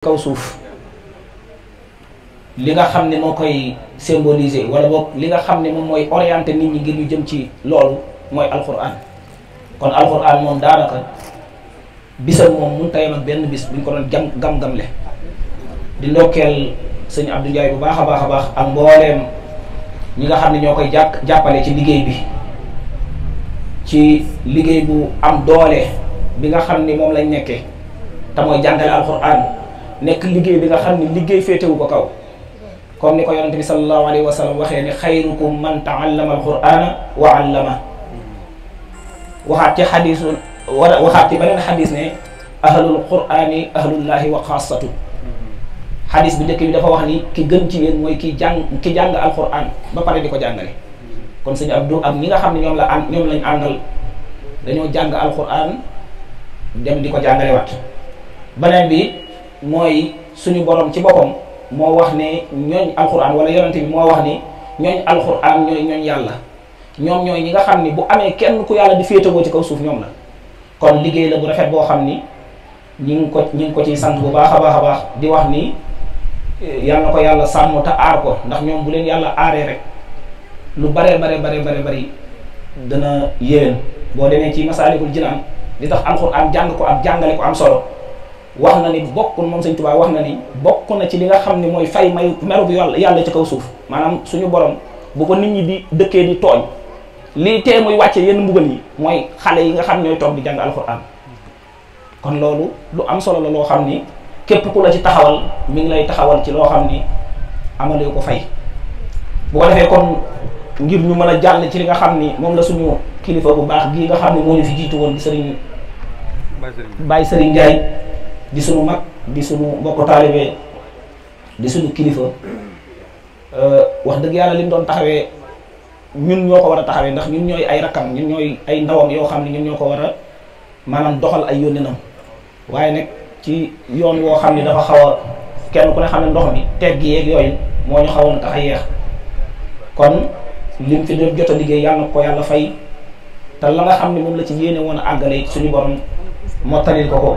kaw suuf li nga xam ne moo koy symboliser wala boog li nga xam ne moom mooy orienter nit ñi ngir ñu jëm ci loolu mooy alxuraan kon alxuraan moom daanaka bisam moom mun tayam ak benn bis buñ ko doon jam gam-gamle di ndokkeel sëñ Abdou Ndiaye bu baax a baax a baax ak mbooleem ñi nga xam ne ñoo koy jàkk jàppale ci liggéey bi ci liggéey bu am doole bi nga xam ni moom lañ nekkee te mooy jàngale alxuraan nekk liggéey bi nga xam ne liggéey féetewu ko kaw kon ni ko yonente bi sallallahu alayhi wa sallam waxee ni xayrukum man taallama alqurana wa allama waxaat ci xadis wa waxaat ci beneen xadis ne ahlul qurani ahlullahi wax xaasatu xadis bi njëkk bi dafa wax ni ki gën ci yéen mooy ki jàng ki jàng alquran ba pare di ko jàngale kon sëñ Abdou am ñi nga xam ne ñoom la am ñoom lañ àndal dañoo jàng alquran dem di ko jàngale wat beneen bi mooy suñu borom ci boppam moo wax ne ñooñ alxuraan wala yonent bi moo wax ni ñooñ alxuraan ñooy ñooñ yàlla ñoom ñooy ñi nga xam ni bu amee kenn ku yàlla di féetewoo ci kaw suuf ñoom la kon liggéey la bu rafet boo xam ni ñi ngi ko ñi ko ciy sant bu baax a baax a baax di wax ni eh, yàlla na ko yàlla sàmm te aar ko ndax ñoom bu leen yàlla aaree rek lu bare bare bare bare bari dana yéwén boo demee ci masaalikul jinaan li tax alxuraan jàng ko am jàngale ko am solo wax na ni bokk moom sëñ Tuubaa wax na ni bokk na ci li nga xam ne mooy fay may meru bu yàlla yàlla ci kaw suuf maanaam suñu borom bu ko nit ñi di dëkkee di tooñ lii tee muy wàcce yenn mbugal yi mooy xale yi nga xam ñooy toog di jàng alxuraan kon loolu lu am solo la loo xam ni képp ku la ci taxawal mi ngi lay taxawal ci loo xam ni amalee ko fay bu defee kon ngir ñu mën a jàll ci li nga xam ni moom la suñu kilifa bu baax gii nga xam ni moo ñu fi jiitu woon di sëriñ bàyyi Sëriñ Ndiaye di sunu mag di sunu mbokk taalibe di sunu kilifa euh, wax dëgg yàlla li doon taxawee ñun ñoo ko war a taxawee ndax ñun ñooy ay rakkam ñun ñooy ay ndawam yoo xam ne ñun ñoo ko war a maanaam doxal ay yónninam waaye nag ci yoon woo xam ne dafa xaw a kenn ku ne xam ne ndox teg gi yeeg yooyu moo ñu xawoon tax a yeex kon lim fi doon jot a liggéey yàlla ko yàlla fay te la nga xam ne moom la ci yéene woon a àggale suñu borom mottalil ko ko.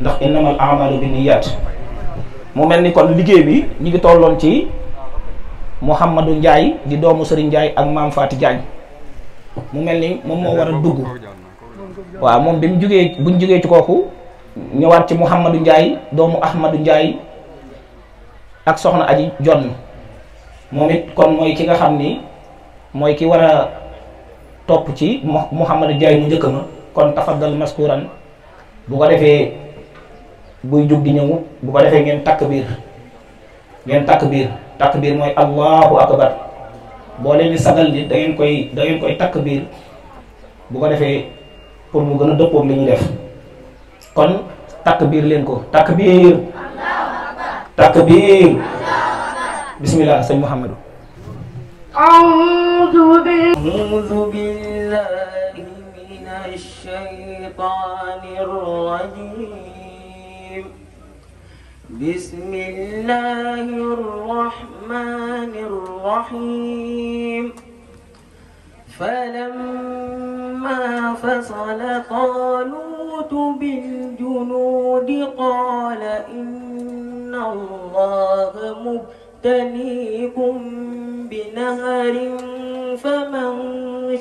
ndax innamal amalu bi niyaat mu mel ni kon liggéey bi ñu ngi tolloon ci Mouhamadou njaay di doomu Serigne njaay ak maam Faati Diagne mu mel ni moom moo war a dugg waaw moom bi mu jugee bu ñu jugee ci kooku ñëwaat ci Mouhamadou njaay doomu Ahmadou njaay ak soxna aji jonn moom it kon mooy ki nga xam ni mooy ki war a topp ci Mouhamadou Ndiaye mu njëkk ma kon tafaddal maskuran bu ko defee buy jóg di ñëw bu ko defee ngeen takk biir ngeen takk biir takk biir mooy allahu akbar boo leen di sagal di da ngeen koy da koy takk biir bu ko defee pour mu gën a dëppoog li ñuy def kon takk biir leen ko takk biir takk biir bismillah sëñ Mouhamadou أعوذ بالله من الشيطان بسم الله الرحمن الرحيم فلما فصل طالوت بالجنود قال إن الله مبتليكم بنهر فمن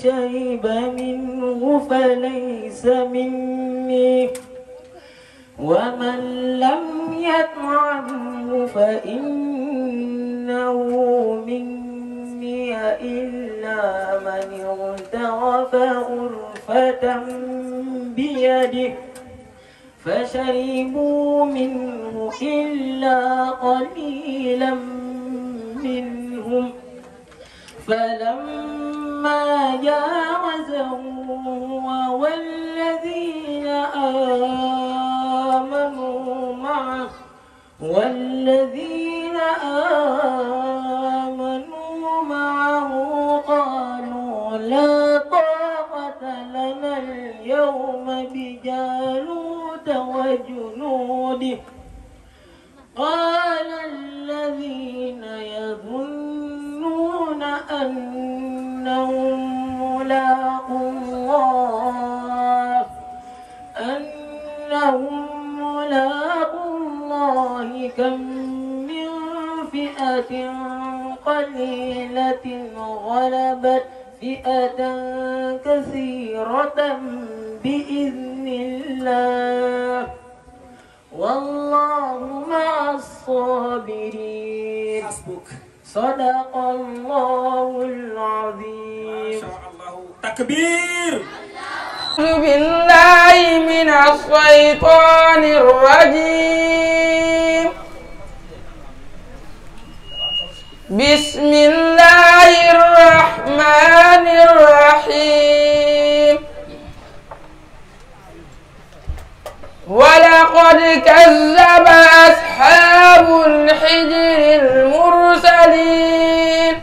شرب منه فليس مني ومن لم يطعمه فإنه مني إلا من اغترف غرفة بيده فشربوا منه إلا قليلا منهم فلما جاوزه هو والذين آمنوا آمنوا معه والذين آمنوا معه قالوا لا طاقة لنا اليوم بجالوت وجنوده قال الذين يظنون أنهم ملاقوا الله أنهم طلاق الله كم من فئة قليلة غلبت فئة كثيرة بإذن الله والله مع الصابرين صدق الله العظيم تكبير أعوذ بالله من الشيطان الرجيم بسم الله الرحمن الرحيم ولقد كذب أصحاب الحجر المرسلين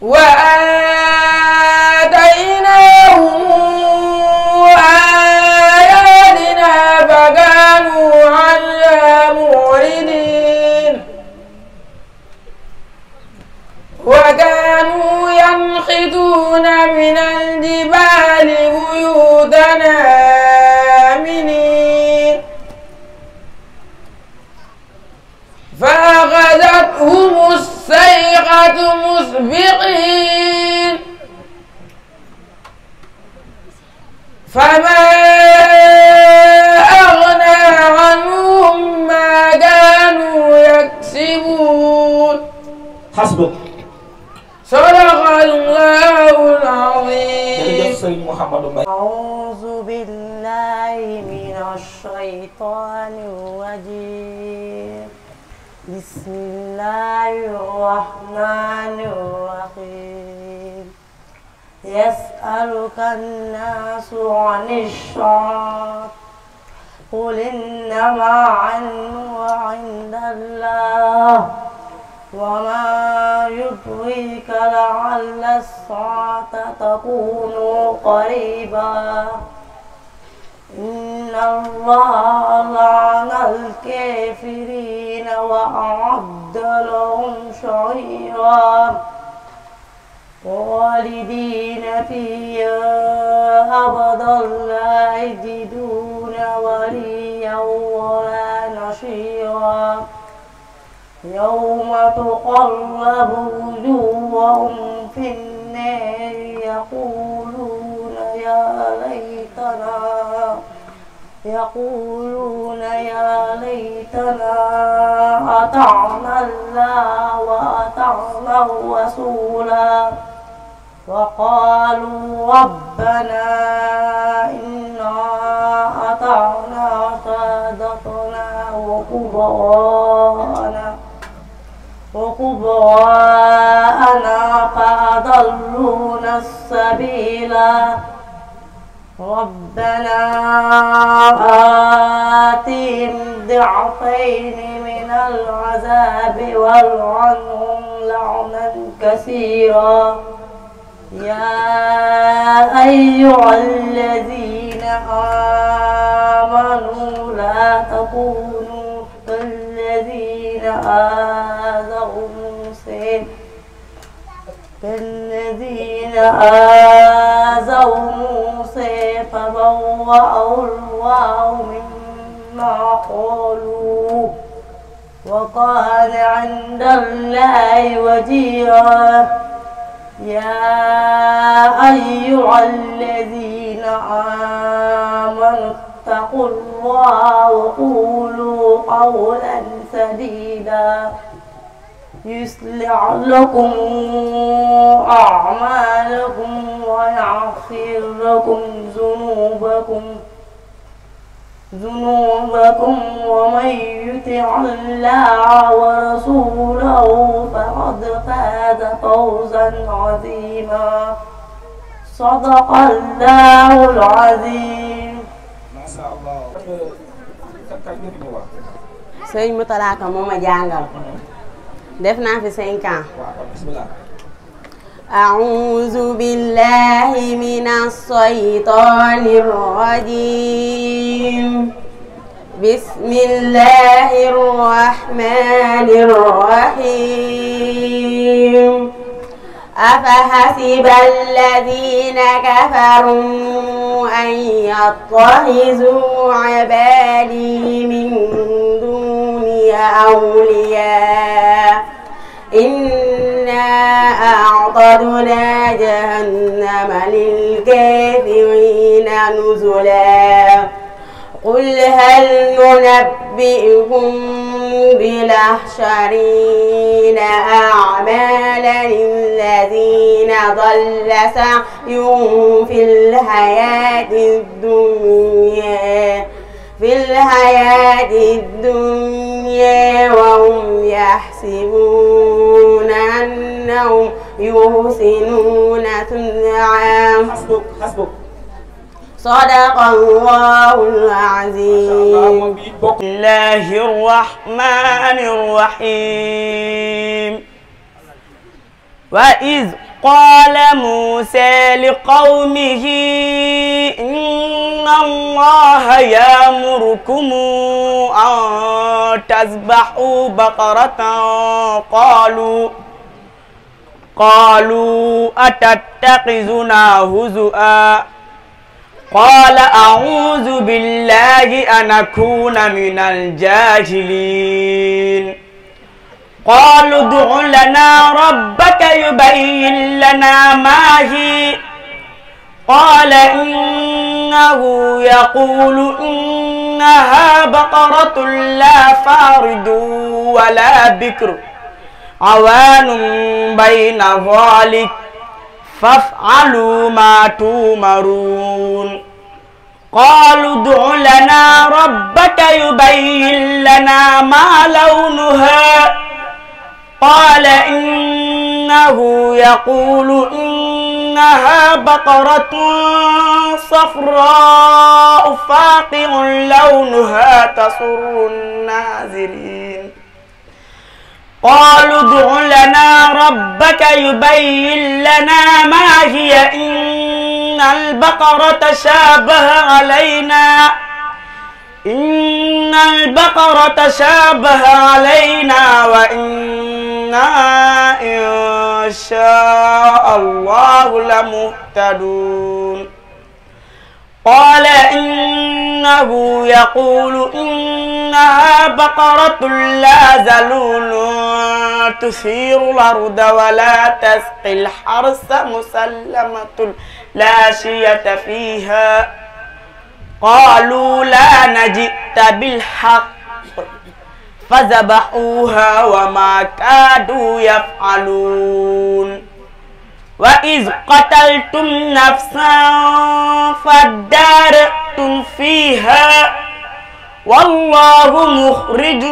وآتيناهم آياتنا فكانوا عنها معرضين وكانوا ينحتون من الجبال بيوتنا آمنين فأخذتهم الصيحة الساعة مسبقين فما أغنى عنهم ما كانوا يكسبون حسبك صدق الله العظيم أعوذ بالله من الشيطان الرجيم بسم الله الرحمن الرحيم يسألك الناس عن الشعر قل إنما علمه عند الله وما يدريك لعل الساعة تكون قريبا إن الله لعن الكافرين وأعد لهم شعيرا خالدين فيها أبدا لا يجدون وليا ولا نشيرا يوم تقلب وجوههم في النار يقولون يا ليت ليتنا يقولون يا ليتنا أطعنا الله وأطعنا الرسولا وقالوا ربنا إنا أطعنا سادتنا وكبراءنا وكبراءنا فأضلونا السبيلا ربنا آتهم ضعفين من العذاب والعنهم لعنا كثيرا يا أيها الذين آمنوا لا تكونوا كالذين آذوا موسى كالذين آذوا موسى تبوأوا الوعو مما قالوا وقال عند الله وجيرا يا أيها الذين آمنوا اتقوا الله وقولوا قولا سديدا يصلح لكم أعمالكم ويغفر لكم ذنوبكم ذنوبكم ومن يطع الله ورسوله فقد فاز فوزا عظيما صدق الله العظيم ما شاء الله sëñ Mutalaaka moo ma jàngal def naa fi cinq ans أعوذ بالله من الشيطان الرجيم بسم الله الرحمن الرحيم أفحسب الذين كفروا أن يتخذوا عبادي من دوني أولياء إنا أعطدنا جهنم للكافرين نزلاً قل هل ننبئكم بالأحشرين أعمالا الذين ضل سعيهم في الحياة الدنيا في الحياة الدنيا وهم يحسبون أنهم يحسنون صنعا حسبك حسبك sadaqallahul aziim bismillahir rahmanir rahim wa iz qaala Muusaa liqawmihi inna allaha ya'murukum an tazbahu baqaratan qaalu qaalu atattakhizuna huzu'a قال أعوذ بالله أن أكون من الجاهلين قالوا ادع لنا ربك يبين لنا ما هي قال إنه يقول إنها بقرة لا فارد ولا بكر عوان بين ذلك فافعلوا ما تومرون قالوا ادع لنا ربك يبين لنا ما لونها قال إنه يقول إنها بقرة صفراء فاقع لونها تسر الناظرين قالوا ادع لنا ربك يبين لنا ما هي إن البقرة تشابه علينا إن البقرة تشابه علينا وإنا إن شاء الله لمهتدون قال إنه يقول إنها بقرة لا ذلول تثير الأرض ولا تسقي الحرث مسلمة لا شية فيها قالوا لا نجئت بالحق فذبحوها وما كادوا يفعلون وإذ قتلتم نفسا فادارأتم فيها والله مخرج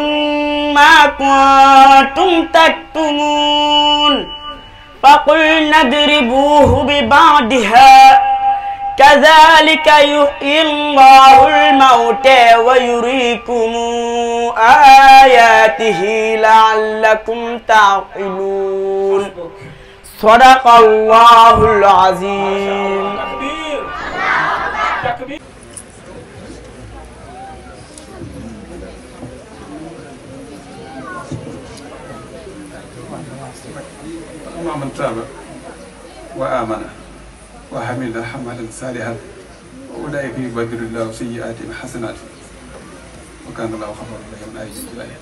ما كنتم تكتمون فقلنا اضربوه ببعضها كذلك يحيي الله الموتى ويريكم آياته لعلكم تعقلون صدق الله العظيم أما من تاب وآمن وعمل عملا صالحا أولئك يبدل الله سيئاتهم حسنات وكان الله غفورا رحيما آية الآية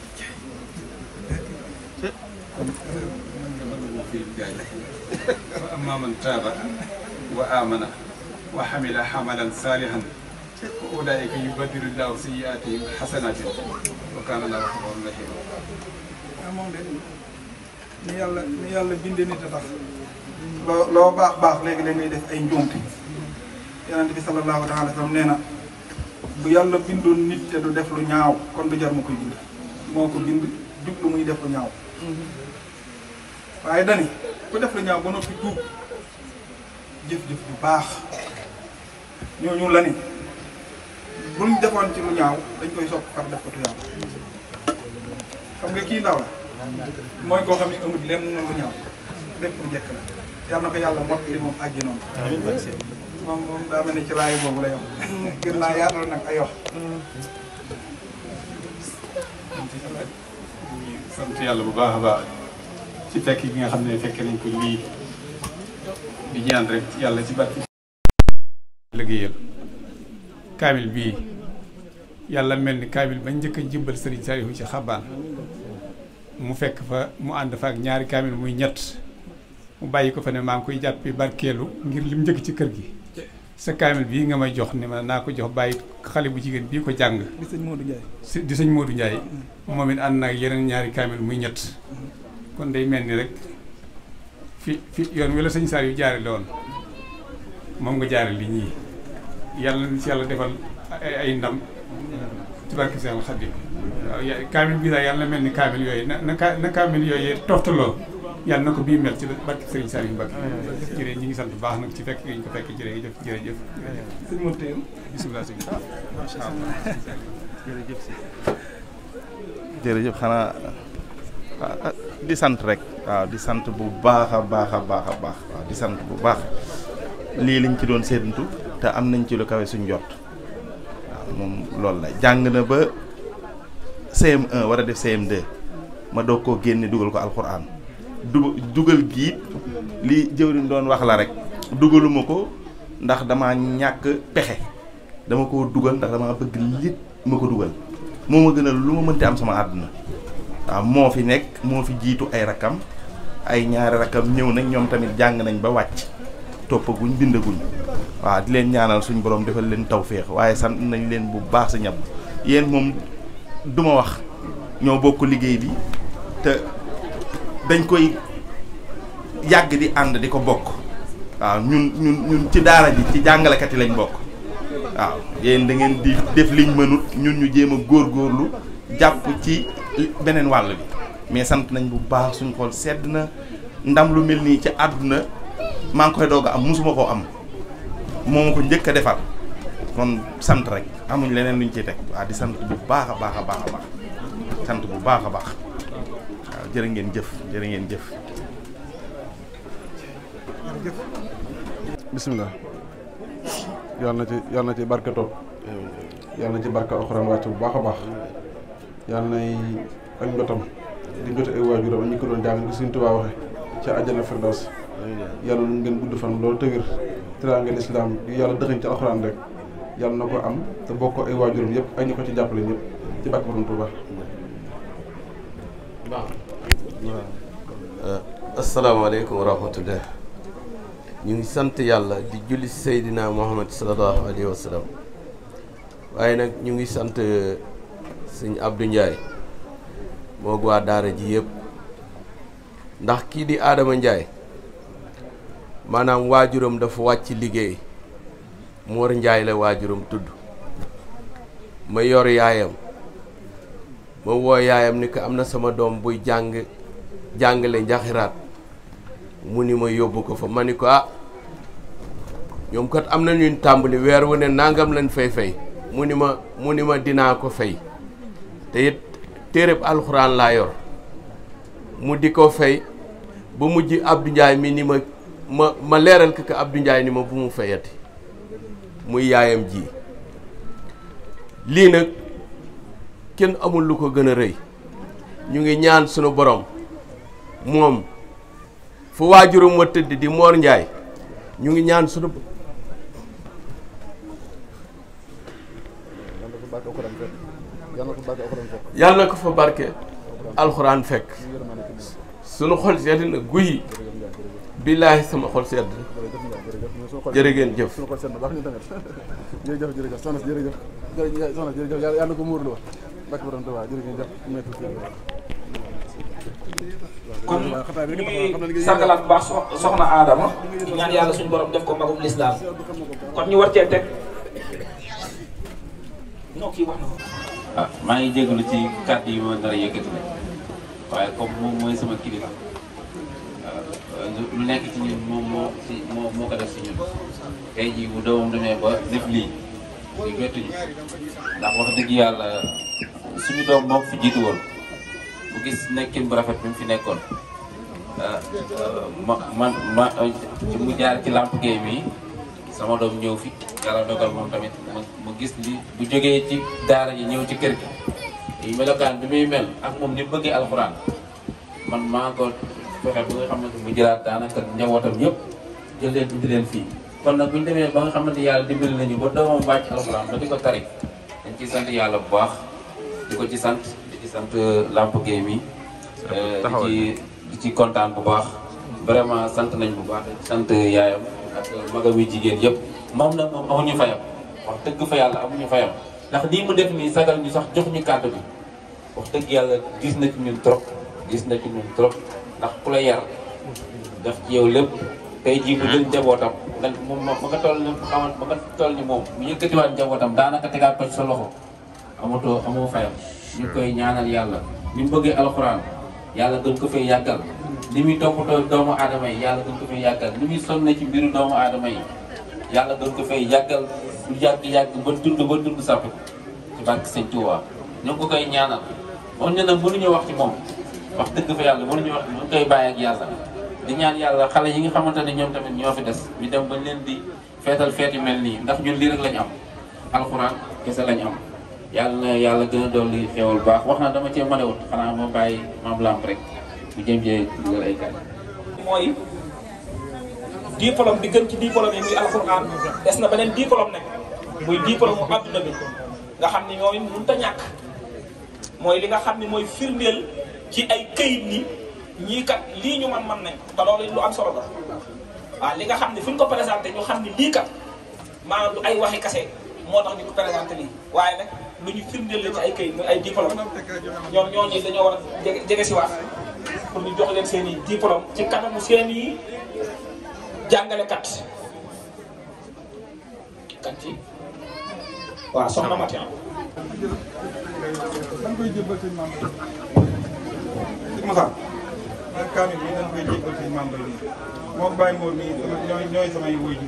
وأما من تاب وآمن وحمل حملا صالحا فأولئك يبدل الله سيئاتهم حسنات وكان الله غفورا رحيما ni yàlla ni yàlla bindee nit a tax loo loo baax baax léegi léeg def ay njuumte yonent bi sallallahu taala sallam nee na bu yàlla bindoon nit te du def lu ñaaw kon du jar mu koy bind moo ko bind jublu muy def lu ñaaw waaye dani ku def lu ñaaw ba noppi tuub jëf-jëf bu baax ñooñu la ni buñ defoon ci lu ñaaw dañ koy sopp par def ko tuyaab xam nga kii ndaw la mooy koo xam ne amul lenn lu ñaaw lépp lu njëkk la yal na ko yàlla mot li moom àjji noonu moom moom daa mel ne ci laay boobu la yow gën naa ay wax sant yàlla bu baax a baax ci fekk gi nga xam ne fekk nañ ko lii rek yàlla ci barki liggéeyal kaamil bii yàlla mel ni kaamil ba njëkk a jibbal sëriñ Saalihu ci xabaan mu fekk fa mu ànd fa ak ñaari kaamil muy ñett mu bàyyi ko fa ne maa ngi koy jàppi barkeelu ngir lim njëkk ci kër gi sa kaamil bii nga may jox ne ma naa ko jox bàyyi xale bu jigéen bii ko jàng di sëñ Modou Ndiaye di sëñ Modou Ndiaye mm. moom it ànd naag yeneen ñaari kaamil muy ñett mm. kon day mel ni rek fi fi yoon wala sëñ Saar yu jaare la moom nga jaare li ñii yàlla na ci yàlla defal ay ndam ci barke Seex al yàlla mel ni kaamil yooyu na na na kaamil na ko bii mel ci barke Serigne Saliou Mbacke jërëjëf ñi ngi sant bu baax nag ci fekk yi ñu ko fekk jërëjëf jërëjëf sëñ Mor Teye bisimilah si jërëjëf xanaa ah, ah, di sant rek waaw di sant bu baax a baax a baax baax waaw di sant bu baax lii lañ ci doon séentu te am nañ ci lu kawe suñ jot moom loolu la jàng na ba CM1 war a def CM2 ma dog koo génne dugal ko alxuraan du dugal giit li jëwriñ doon wax la rek dugaluma ko ndax dama ñàkk pexe dama koo dugal ndax dama bëgg lit ma ko dugal moo ma gën gënal lu ma mënti am sama àdduna waaw moo fi nekk moo fi jiitu ay rakkam ay ñaari rakkam ñëw nañ ñoom tamit jàng nañ ba wàcc toppaguñ bindaguñ waaw di leen ñaanal suñ borom defal leen tawféex waaye sant nañ leen bu baax sa ñab yéen moom duma wax ñoo bokk liggéey bi te dañ koy yàgg di ànd di ko bokk waaw ñun ñun ñun ci daara ji ci jàngalekat yi lañ bokk waaw yéen dangeen ngeen di def liñ mënut ñun ñu jéem a góorlu jàpp ci beneen wàll bi mais sant nañ bu baax suñ xool sedd na ndam lu mel nii ci àdduna maa ngi koy doog am mosuma koo am moo ma ko njëkk a defal kon sant rek amuñ leneen luñ ci teg waaw di sant bu baax a baax a baax a baax sant bu baax a baax waaw jërë ngeen jëf jërë ngeen jëf. bisimilah. yal na ci yal na ci barke toog yal na ci barke alxuraan wàcc bu baax a baax yal na ak njotam di njot ay waajuram ak ñi ko doon jàng ko suñ tubaab waxee ca àjjana firdaws yàlla lu ngeen gudd fan loolu te wér teraanga lislaam yàlla dëxañ ci alxuraan rek yàlla na ko am te bokk ay waajuram yépp ay ñu ko ci jàppale ñëpp ci bàkk borom Tuuba asalaamaaleykum wa rahmatullah ñu ngi sant yàlla di julli Seydina Muhammad sallallahu alayhi wa sallam waaye nag ñu ngi sant euh, sëñ Abdou njaay moog waa daara ji yépp ndax kii di aadama njaay maanaam waajuram dafa wàcc liggéey Mor Njaay la waajuram tudd ma yor yaayam ma woo yaayam ni ko am na sama doom buy jàng jàngale njaxiraat mu ni ma yóbbu ko fa ma ni ko ah ñoom kat am na ñuy tàmbali weer wu ne nangam lañ fay fay mu ni ma mu ni ma dinaa ko fay te it téereb alxuraan laa yor mu di ko fay ba mujj Abdou Njaay mi ni ma ma ma leeral ko que Abdou Ndiaye ni ma bu mu fayati muy yaayam ji lii nag kenn amul lu ko gën a rëy ñu ngi ñaan sunu borom moom fu waajuram wa tëdd di Mor njaay ñu ngi ñaan sunu yàlla na ko fa barke alxuraan fekk sunu xol seeti na guy billaahi sama xol sedd jërë ngeen jëf sama xol sedd baax ñu tamit jërëjëf jërëjëf soxna si jërëjëf soxna si jërëjëf yàlla na ko muur lu wax bàkk borom Tuubaa jërë ngeen jëf maître kon ñu ngi sàggalaat bu baax soxna Adama ñaan yàlla suñu borom def ko magum lislaam kon ñu war cee teg non kii wax na ko ah, maa ngi jégalu ci kàddu yi ma nar a yëkkati sama kilifa lu nekk ci ñun moom moo si moo moo ko def si ñun tey jii bu doomam demee ba def lii ñu ndax wax dëgg doom moom fi jiitu woon bu gis nekkin bu rafet bi mu fi nekkoon ah, ah, ma man mu jaar ci làmp géey mi sama doom ñëw fi moom tamit gis li bu jógee ci daara ji ñëw ci kër gi melokaan bi muy mel ak moom ni bëggee alxuraan man maa ko fexe ba nga xamante mu jëlaat daanaka njabootam yëpp jël leen indi fii kon nag bu ñu demee ba nga xamante yàlla dimbali nañu ba doomam wàcc alxuraan ba di ko tari dañ ci sant yàlla bu baax di ko ci sant di ci sant euh, Lamp Gueye mi euh, di ci di ci kontaan bu baax vraiment sant nañ bu baax sant yaayam ak magam yu jigéen yëpp moom nag moom ñu fayam wax dëgg fa yàlla amuñu fayam ndax lii mu def nii sagal ñu sax jox ñu kàddu bi wax dëgg yàlla gis na ci ñun trop gis na ci ñun ndax ku la yar daf ci yow lépp tey jii bu jël hmm. njabootam nga moom ma nga toll ni xaman ba nga toll ni moom bu yëkkatiwaat njabootam daanaka tegaat ko ci sa loxo amatoo amoo fayam hmm. ñu koy ñaanal yàlla ni bëggee alxuraan yàlla gën ko yàggal ni muy toppatoo doomu aadama yi yàlla gën ko fay ci mbiru doomu aadama yi yàlla gën ko fay yàggal lu yàgg-yàgg ba dund ba dund sàpp ci bàkk sëñ Tuubaa ñu ngi koy ñaanal moom ne nag mënuñu wax ci moom wax dëgg fa yàlla mënuñu wax ñu koy bàyyi ak yàlla di ñaan yàlla xale yi nga xamante ne ñoom tamit ñoo fi des ñu dem bañ leen di feetal feet yu mel nii ndax ñun lii rek lañ am alxuraan kese lañ am yàlla na yàlla gën a dolli xewal baax wax na dama cee mën a wut xanaa ma bàyyi maam lamp rek bu jëm jee dugal ay kàddu mooy diplôme bi gën ci diplôme yi muy na beneen diplôme nag muy diplôme mu nga xam ne yooyu mënut a ñàkk mooy li nga xam ne mooy firndeel ci ay këyit ni ñii kat lii ñu man man nañ te loolu lu am solo la waaw li nga xam ne fu ñu ko présenté ñu xam ne lii kat maanaam du ay waxi kase moo tax ñu ko présenté lii waaye nag lu ñu firndeel la ci ay këyit muy ay diplôme ñoom ñooñu dañoo war a jege jege si waat pour ñu jox leen seen i diplôme ci kanamu seen i jàngalekat kan ci waaw soxna Matian. sëñ Moussa man kaamil bi dañ koy jébbal sëñ Mame Mbaye mi moom Baye Mor mii sama ñooy ñooy samay woy ji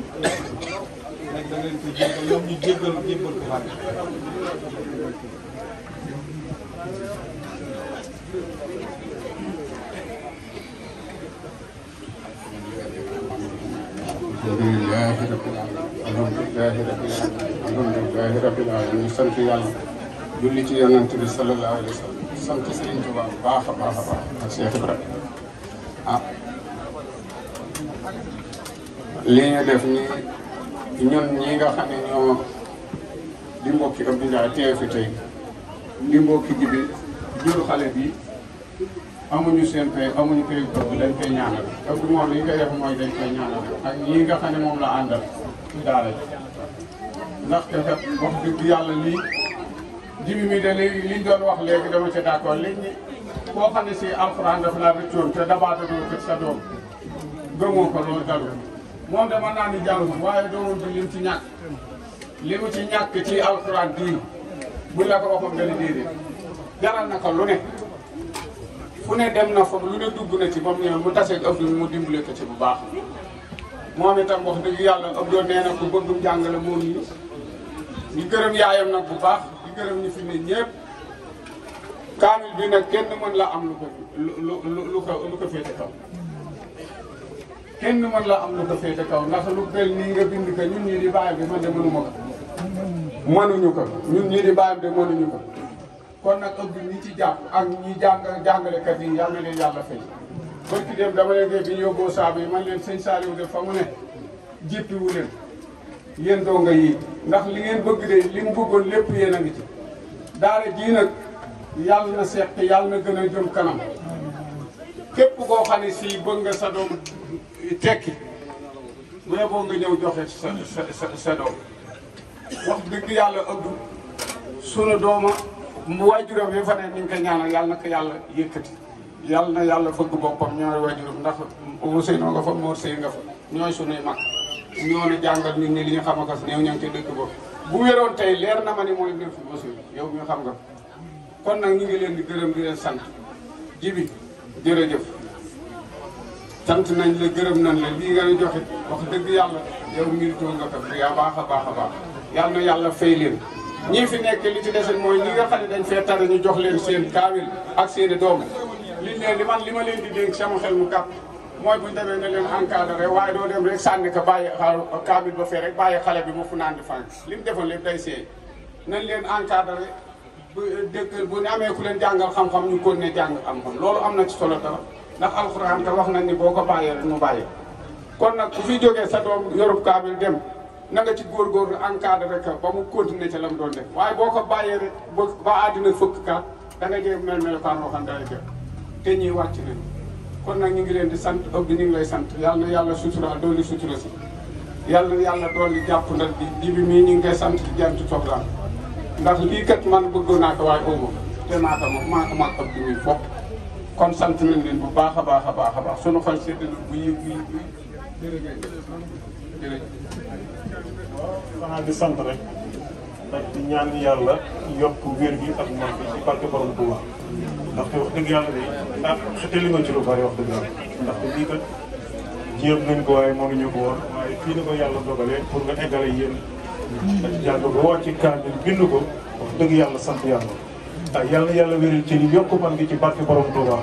nag da leen koy jébbal ñoom ñu jébbal jébbal ko xaar alhamdulilah rabbil alamin sant yàlla julli ci yonent bi sallallahu alayhi wa sallam sant Serigne Touba bu baax a baax a baax ak Cheikh Ibrahima ah li ñu def nii ñun ñi nga xam ne ñoo di mbokki Abdou Ndiaye teew fi tey di mbokki jibi jur xale bi amuñu seen pay amuñu pay boobu dañ koy ñaanal ak moom li ñu def mooy dañ koy ñaanal ak ñii nga moom la àndal ci daara ji ndaxte kat wax dëgg yàlla lii jibi mi de léegi liñ doon wax léegi dama ca d'accord liñ ni koo xam ne si alxuraan dafa laa rëccoon te dabaata doo sa doom gëmoo ko loolu dalu moom dama naa ni jàll waaye doomam bi lim ci ñàkk li mu ci ñàkk ci alxuraan diin buñ la ko waxoon nga ne déedéet jaral na ko lu ne fu ne dem na fa lu ne dugg na ci moom ñëw mu taseeg ëpp mu dimbale ko ci bu baax moom itam wax dëgg yàlla ëpp doon nee na ko bëggum jàngale moom yi ñu gërëm yaayam nag bu baax gërëm ñu fi nit ñëpp kaamil bi nag kenn mën la am lu ko lu ko lu kaw kenn mën la am lu ko féete kaw ndax lu mel nii nga bind ko ñun ñii di bàyyi bi man de mënuma ko mënuñu ko ñun ñii di bàyyi de mënuñu ko kon nag ëpp ñi ci jàpp ak ñi jàng jàngalekat yi yal na leen yàlla fay barki dem dama leen bi ñu saabu saa bi man leen seen Saliou def fa mu ne jéppiwu leen yéen donga yi ndax li ngeen bëgg de li mu bëggoon lépp yéen a ngi ci daara jii nag yàlla na seq yàlla na gën a jëm kanam képp koo xam ne si bëgg nga sa doom tekki bu yeboo nga ñëw joxe sa sa doom wax yàlla ëpp sunu dooma mu waajuram yi fa ne ni nga ko ñaanal yàlla na ko yàlla yëkkati yàlla na yàlla fëgg boppam ñooy waajuram ndax Ousseynou nga fa Mor nga fa ñooy sunuy mag ñoo ñu jàngal ñun ni li ñu xam ak as néew ña ngi ca dëkk boobu. bu wéroon tey leer na ma ni mooy mbir mosul yow ñu xam nga kon nag ñu ngi leen di gërëm di leen sant jibi jërëjëf sant nañ la gërëm nañ la lii nga ñu joxe wax dëgg yàlla yow militoo nga ko baax a baax a baax yàlla na yàlla fay leen ñii fi nekk li ci desin mooy ñi nga xam ne dañ fee tare ñu jox leen seen kaamil ak seen i doom liñ leen di man li ma leen di dénk sama xel mu kàpp mooy bu ñu demee ne leen encadré waaye doo dem rek sànni ko bàyyi kaamil ba fee rek bàyyi xale bi mu fu naan di fànn li mu defoon lépp day seey nañ leen encadré bu euh, dëgg bu ñu amee ku leen jàngal xam-xam ñu continuer jàng xam-xam loolu am na ci solo dara ndax alxuraan te wax nañ ni boo ko bàyyee rek mu bàyyi kon nag ku fi jógee sa doom yorub kaamil dem na nga ci góorgóorlu encadré ko ba mu continuer ca lam mu doon def waaye boo ko bàyyee rek ba àddina fëkk ka da nga jéem mel melokaan waxan dara jël te ñuy kon nag ñu ngi leen di sant dog ñu ngi lay sant yàlla na yàlla suturaal dooli sutura si yàlla yàlla yàlla dooli jàpp ndal bi ji bi mii ñu ngi koy sant di jantu toglaan ndax lii kat man bëggoon naa ko waaye omo te naa ko moom maa ko mag ak bi fopp kon sant nañ leen bu baax a baax a baax a baax sunu xol sedd na bu yëg bu yëg jërëjëf a xanaa di sant rek ndax di ñaan yàlla yokk wér gi ak man bi ci barke borom Tuuba ndaxte wax dëgg yàlla de ah xetali ci lu bari wax dëgg yàlla ndaxte lii kat jéem ko waaye mënuñu ko woon waaye fii la ko yàlla dogalee pour nga eggale yéen da ci jàng ba wàcc kaamil bind ko wax dëgg yàlla sant yàlla ah yàlla yàlla wéral ci yi yokk man ngi ci barke borom Tuuba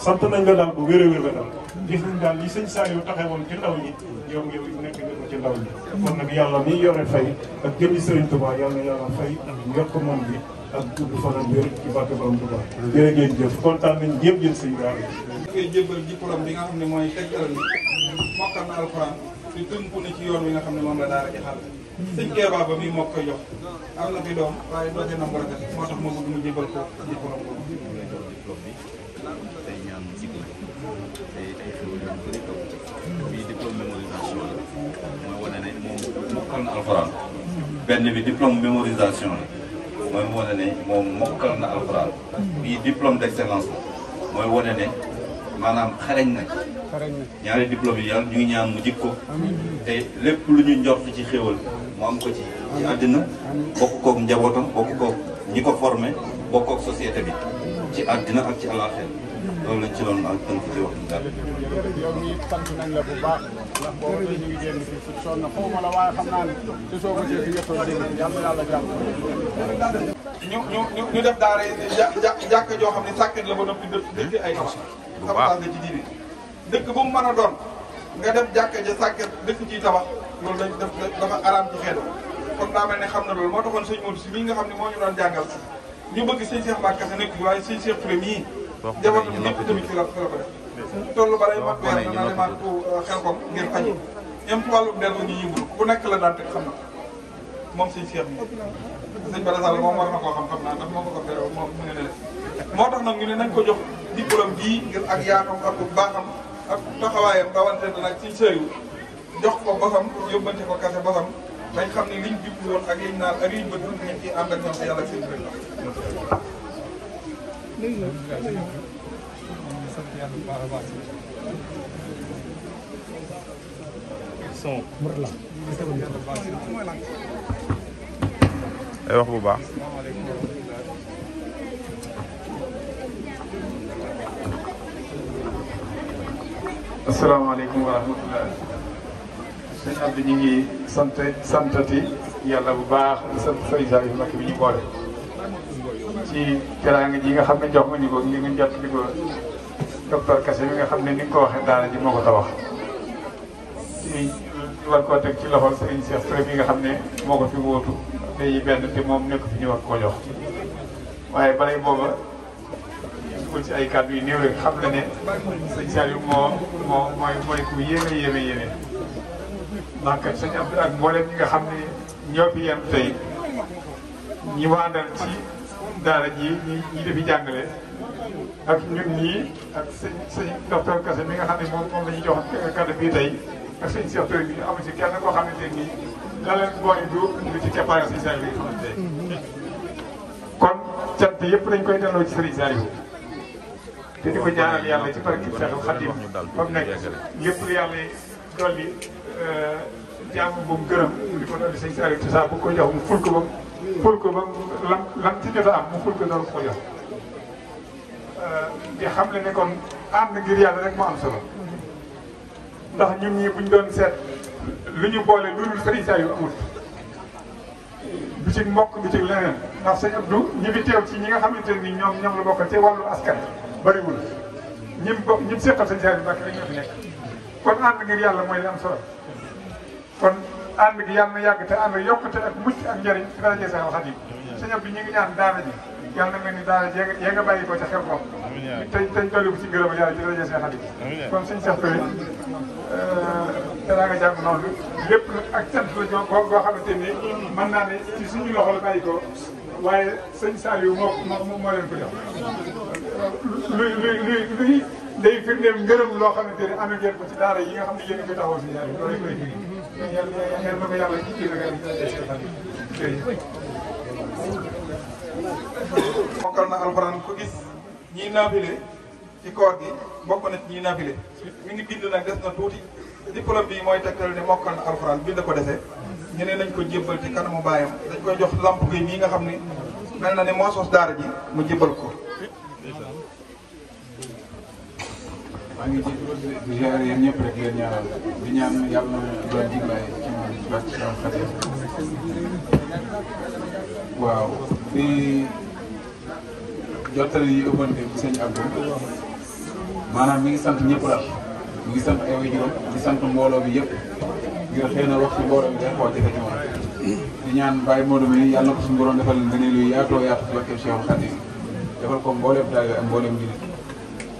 sant nañ la daal bu wér a wér la daal gis nañ daal li sëñ Saar yu taxawoon ci ndaw ñi yow ngi nekk nga ko ci ndaw ñi kon nag yàlla mi yore fay ak jëmi sëriñ Tuuba yàlla yàlla fay yokk man bi ak gudd fan ak wér ci barke borom Tuubaa jërë ngeen jëf kontaan nañ yëpp jël sëñ Daara koy jébbal diplôme bi nga xam ne mooy tegtal ni mokkal na alxuraan di tënku ne ci yoon wi nga xam ne moom la daara ji xal sëñ Keeba ba mii moo koy jox am na fi doom waaye doote na mbaraka moo tax ma bëgg mu jébbal ko diplôme ko mokkal na alxuraan benn bi diplôme mémorisation la mooy wane ne moom mokkal na alxuraan bii diplôme d'excellence la mooy wane ne maanaam xarañ na ñaari diplôme yi yàlla ñu ngi ñaan mu ko te lépp lu ñu njort ci xéwal mu am ko ci ci àddina bokk kook njabootam bokk koog ñi ko formé bokk koog société bi ci àddina ak ci àllaaxira loolu lañ ci doon ak tënk ci wax dëgg sant nañ la bu baax ndax boobu ñu ngi génn fii fu na xaw ma la waaye xam naa ne te a dégg yàlla yàlla ñu ñu ñu def daara jàkka joo xam ne sàkket la ba noppi dëkk ay tabax. bu baax nga dëkk bu mu man a doon nga dem jàkka ja sàkket dëkk ciy tabax loolu lañ def dafa araam ci xeetu kon daa ne xam na loolu moo taxoon sëñ Modou si mii nga xam ne moo ñu doon jàngal ñu bëgg sëñ Cheikh Mbacke sa nekk waaye sëñ Cheikh Touré mii jamono bi ñëpp tamit fi la fi la ko def tollu ba day mat weer dana demaat euh, xel kom ngir faji même wàllum dellu ñu yëngul ku nekk la daan teg xam na moom si Cheikh mi sëñ Bada moom moo ko ko fere moom mu ne ne moo tax nag ñu ne nañ ko jox diplôme bii ngir ak yaatam ak baaxam ak taxawaayam rawante na nag ci sëyu jox ko bosam yóbbante ko kase bosam dañ xam ne liñ jublu woon ak liñ naan ak liñ bëgg ñu ci ànd ak ñoom yàlla seen bëgg nuyu na nuyu na. sant yàlla bu baax a baax. son. Mourala. ay wax bu baax. asalaamaaleykum wa rahmatulah. sëñ Abdou ñu ngi sant santati yàlla bu baax di sant sëriñ Saliou Mbacké bi ñu boole. ci teraanga ji nga xam ne jox nga ñu ko li nga jot di ko docteur Kassé bi nga xam ne ni nga ko waxee daara ji moo ko tabax ci war koo teg ci loxol Serigne Cheikh Touré bi nga xam ne moo ko fi wóotu tey benn te moom nekk fi ñu war koo jox waaye balay booba ko ci ay kàddu yu néew rek xam la ne sëñ Saliou moo moo mooy mooy ku yéeme yéeme yéeme ndax kat sëñ Abdou ak mboolem ñi nga xam ne ñoo fi yem tey ñi waandal ci daara ji ñi ñi defi jàngale ak ñun ñii ak sëñ sëñ docteur nga xam ne moom moom la jox kàddu bii tey ak sëñ secteur bi amu ci kenn koo bi kon cant yëpp dañ koy delloo ci sëriñ Saliou te di ko ñaanal yàlla ci barki Seexul Xadim ba mu nekk lépp lu yàlla dolli euh, jàmm bu mu di ko dolli sëñ Saliou ci saa bu ko jox mu ful ful ko ba lan lan ci am mu ful ko door ko yor euh, di xam le ne kon ànd ngir yàlla rek moo am solo ndax ñun ñi buñ doon seet lu ñu boole lu dul sëriñ saa yu amul du ci mbokk du ci leneen ndax sëñ Abdou ñi fi teew ci ñi nga xamante ni ñoom ñoom la bokkal ci wàllu askan bariwul ñi mu bokk ñi mu seqal sëñ nekk kon ànd ngir yàlla mooy li am solo kon ànd gi yàlla na yàgg te ànd yokkute ak mucc ak njëriñ ci dara jee Seexul Xadiim sëñ bi ñu ngi ñaan daara ji yàlla ni daara ji yee nga bàyyi ko ca xel ko te te dolli ko ci gërëm yàlla ci dara jee Seexul Xadiim kon euh, nga jàng noonu lépp ak cant la joo goo xamante ni mën naa ne suñu loxo la bàyyi ko waaye sëñ Saliou moo moo moo leen ko jox luy luy luy luy day firndeel ngërëm loo xamante ni amee ngeen ko ci daara yi nga xam ne yéen a ngi si yàlla loolu rek lay xel na ko na alxuraan ko gis ñii naafile ci koor gi bokk na ci ñiy naafile mi ngi bind nag des na tuuti diplôme bi mooy tegtal ne mokkal na alxuraan bind ko dese ñu ne nañ ko jébbal ci kanamu baayam dañ koy jox lamp gi mii nga xam ne mel na ne moo sos daara ji mu jébbal ko maa ngi jiitu di ziare yéen ñëpp rek leen ñaanal di ñaan yàlla na doon jiglaay ci jottali yi ëppante bu maanaam mi ngi sant ñëpp la mi ngi sant ay waajuram di sant mbooloo bi yëpp ngir xëy na wax ci mbooloo bi day xaw a jafe ci moom di ñaan Baye Modou mi yàlla na ko suñu borom defal ngëneel yu yaatoo yaatu ci barkeb Cheikh Khadim defal ko mbooleem daal ak mbooleem jullit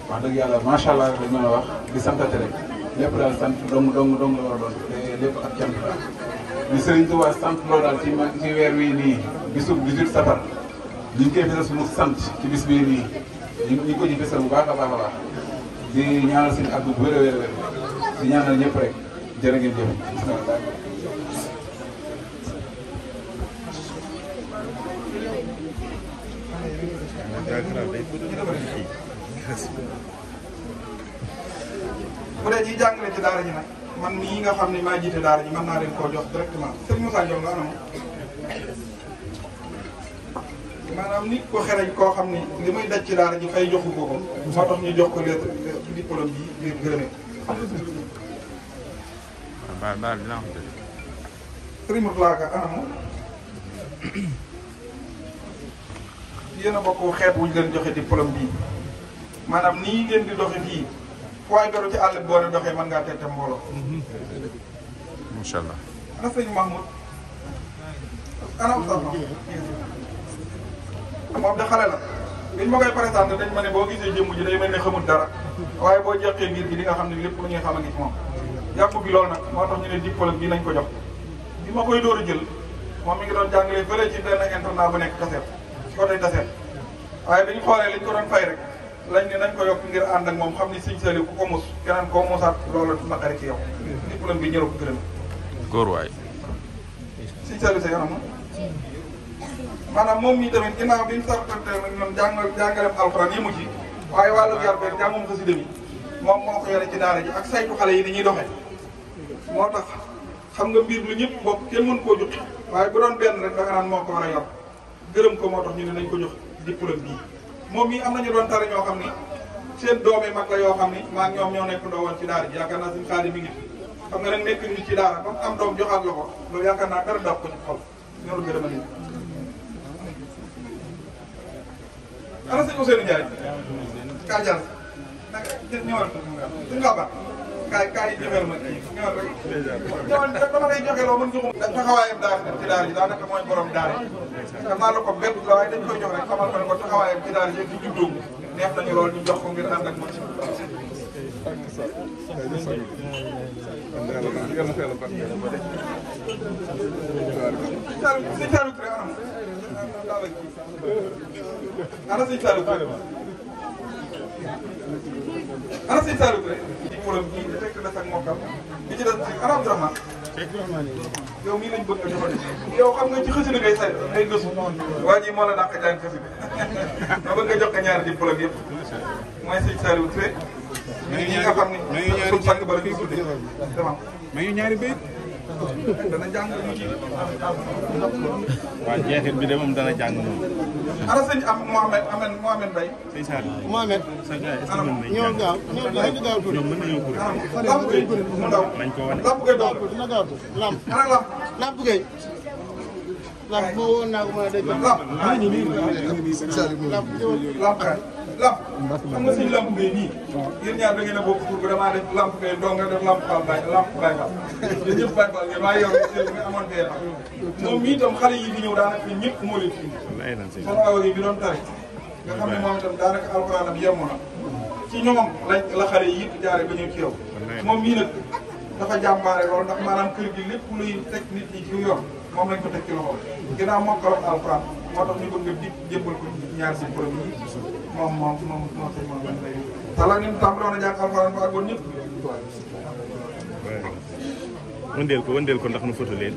wax dëgg yàlla macha allah rek wax di santate rek lépp daal sant dong dong dong la war a doon te eh, lépp ak cant la li Sëriñ Tuubaa sant loo daal ci ci weer wi nii bisub 18 safar ñu ngi koy fesal suñu sant ci bis bii nii ñu ngi ko ci fesal bu baax a baax a baax di ñaanal seen at bu wér a wér di ñaanal ñëpp rek jërë ngeen des bu dee ñuy ci daara ji nag man mii nga xam ne maa jiite daara ji mën naa leen koo jox directement sëñ Moussa Diop nga anam maanaam koo xam ni li muy daj ci daara ji fay joxu boppam moo tax ñu jox ko lettre diplôme bi ngir ko a bokk xeet wuñ leen joxe diplôme bii maanaam nii ngeen di doxe fii ku waay doru ci àll bi boo ne doxee mën ngaa tette mbooloo. macha allah. ana sëñ Mahmoud. ana Oustaz Mahmoud. moom de xale la. liñ ma koy présenté dañ ma ne boo gisee jëmm ji day mel ne xamul dara waaye boo jeqee biir gi di nga xam ne lépp lu ñuy xam a ngi ci moom. yàqu bi loolu nag moo tax ñu ne diplôme bii lañ ko jox bi ma koy door jël moom mi ngi doon jàngale fële ci benn internat bu nekk Tassette ci côté Tassette waaye bi ñu xoolee liñ ko doon fay rek. lañ ne nañ ko yokk ngir ànd ak moom xam ni sëñ Saliou ku ko mos keneen koo mosaat loola naqari ci yow. diplôme bi ñëw ko gërëm. góor waay. sëñ Saliou sa yoonam maanaam moom mii tamit ginnaaw bi ñu sartante nag ñoom jàngal jàngaleem alxuraan yi mu ci waaye wàllu yar ko si demi moo ko yore ci daara ak saytu xale yi ni ñuy doxee moo tax xam nga mbir lu ñëpp bopp kenn koo jot waaye bu benn rek danga moo ko war a gërëm ko moo tax ñu ne nañ ko jox diplôme bii moom mii am nañu doon tara ñoo xam ni seen doomi mag la yoo xam ni maa ngi ñoom ñoo nekk ndoo woon ci daara ji yaakaar naa suñu mi ngi fi xam nga nag nekk ñu ci daara am doom joxaat la ko loolu yaakaar naa dara daf ko ci xol ñoru gërëm a nekk ana sëñ Ousseynou Ndiaye kaajal nag ñëwal suñ nga kaay kaay jëfal ma kii ñëwal rek. ñëwal rek dama lay joxe loo mën nga ko. taxawaayam daal ci daal ji daanaka mooy borom daal daf naa la ko bett la waaye dañ koy jox rek xamal ko ne ko taxawaayam ci daal ji di juddoo neex nañu lool ñu jox ko ngir ànd ak ma ci. ana sëñ Saliou Touré ana sëñ Saliou Touré diplôme bii nga fekk def ak mokkal li ci des nag arab rahman yow mii lañ bëgg a joxoon yow xam nga ci xasida ngay say ngay gëstu waa ji moo la dàq jàng xasida ma bëgg nga jox ko ñaari diplôme yëpp mooy sëñ Saliou Touré ñi nga xam ne suñu sang ba la ñuy tuddee tamam ma ngi ñaari béy waaw jeexit bi de moom dana jàng a ala sëñ am Mohamed Amen Mohamed Mbaye. sëñ Sadio. Mohamed. sa gars est-ce que mën nañu. ñoo gaaw ñoo gaaw ñu gaaw tuuti. ñoom mën nañoo kuréel. lamp gay mu daw. nañ ko wane. lamp gay daw dina gaaw tuuti lamp. ana lamp. lamp Lam moo woon naa ko mën a dégg. Lam maa ngi nii Lam xam a bokk tur vraiment def lamp ngay dong nga def lamp Fall Baye lamp Baye Fall. yéen ñëpp moom mii itam xale yi fi ñëw daanaka ñëpp moo yi bi doon tari. nga xam moom xale yi yëpp jaare ba ñëw ci moom mii nag dafa jàmbaare lool ndax maanaam kër gi lépp luy teg nit ñi moom lañ ko teg ko a ko wëndeel ko ndax nu foto leen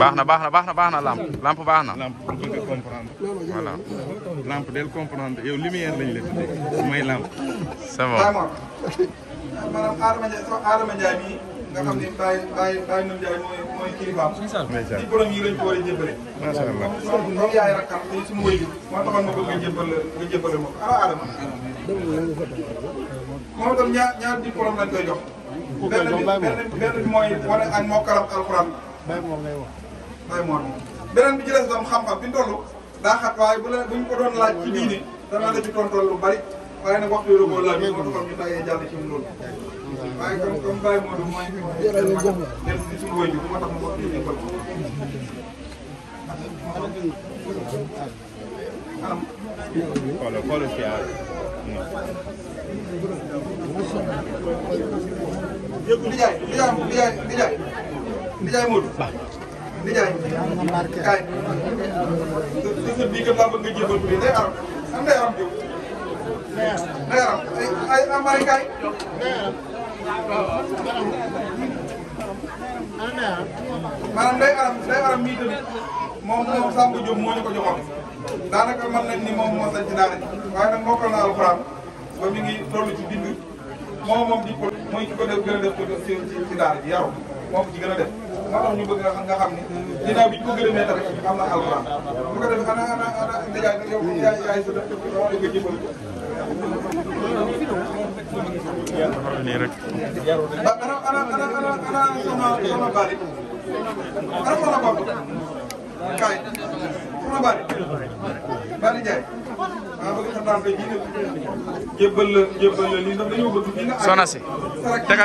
baax na baax na baax na baax na lamp lamp baax na lamp pour bëgg a comprendre voilà lamp del comprendre yow lumière lañ la tuddee mooy nga xam ne Baye Baye Baye Mame Ndiaye mooy mooy kilifaam. di borom yi lañ a jëmbale. macha allah moom moom yaay rakkam te bi moo taxoon ma ko nga jëmbal nga jëmbal moom ala adama. moom itam ñaar ñaar diplôme lañ koy jox. benn bi mooy wane ak mokkalam alxuraan. Baye Mor ngay moom beneen bi ci des xam-xam bi ñu waaye bu la bu ñu ko doon laaj ci diine dana la ci tontool lu bari waaye nag waxtu bi la ko laaj moo taxoon ñu tàyyee jàll ci loolu waaye comme comme Baye Modou mooy dem ci suñu wëy bi moo tax mu ñu ko am xoolal xoolal ci aar Ndijaay Ndijaay Ndijaay Ndijaay Ndijaay Modou Ndijaay kaay sëñ bi kat laa bëgg nga jébbal bi day aram am day aram jiw day aram ay ay am kaay maanaam nday aram nday aram mii tamit moom moom Samba Diop moo ñu ko joxoon daanaka mën nañ ni moom moo sañ ci daara ji waaye nag mokkal na alxuraan ba mi ngi toll ci bind moom moom ko mooy ki ko def gën a def ci ci daara ji yaru moom gën a def moo tax ñu bëgg euh, bi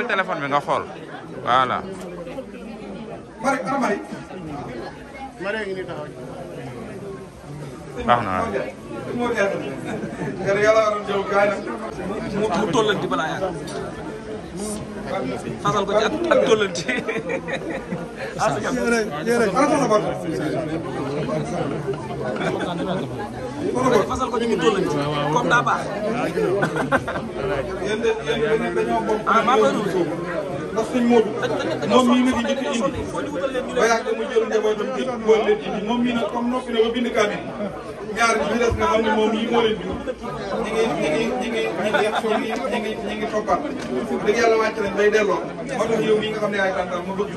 téléphone bi nga xool voilà. mari ni taxaw na mo def gar yàlla mu mu tollanti balaa yàgg fasal ko ci ak tollanti ah, fasal ko ci mu tollanti comme daa baax ndax sëñ Modou moom mii nag indi ba yàgg mu jël njabootam ci boole leen indi moom mii nag comme noppi na ba bind kaamil ñaar ñi des nga xam ne moom yi moo leen bind ñi ngi ñi ngi ñi ngi ñi ngi ngi ñi ngi toppaat dëgg yàlla wàcc nañ bay delloo moo tax yow mii nga xam ne yaay tàntal ma bëgg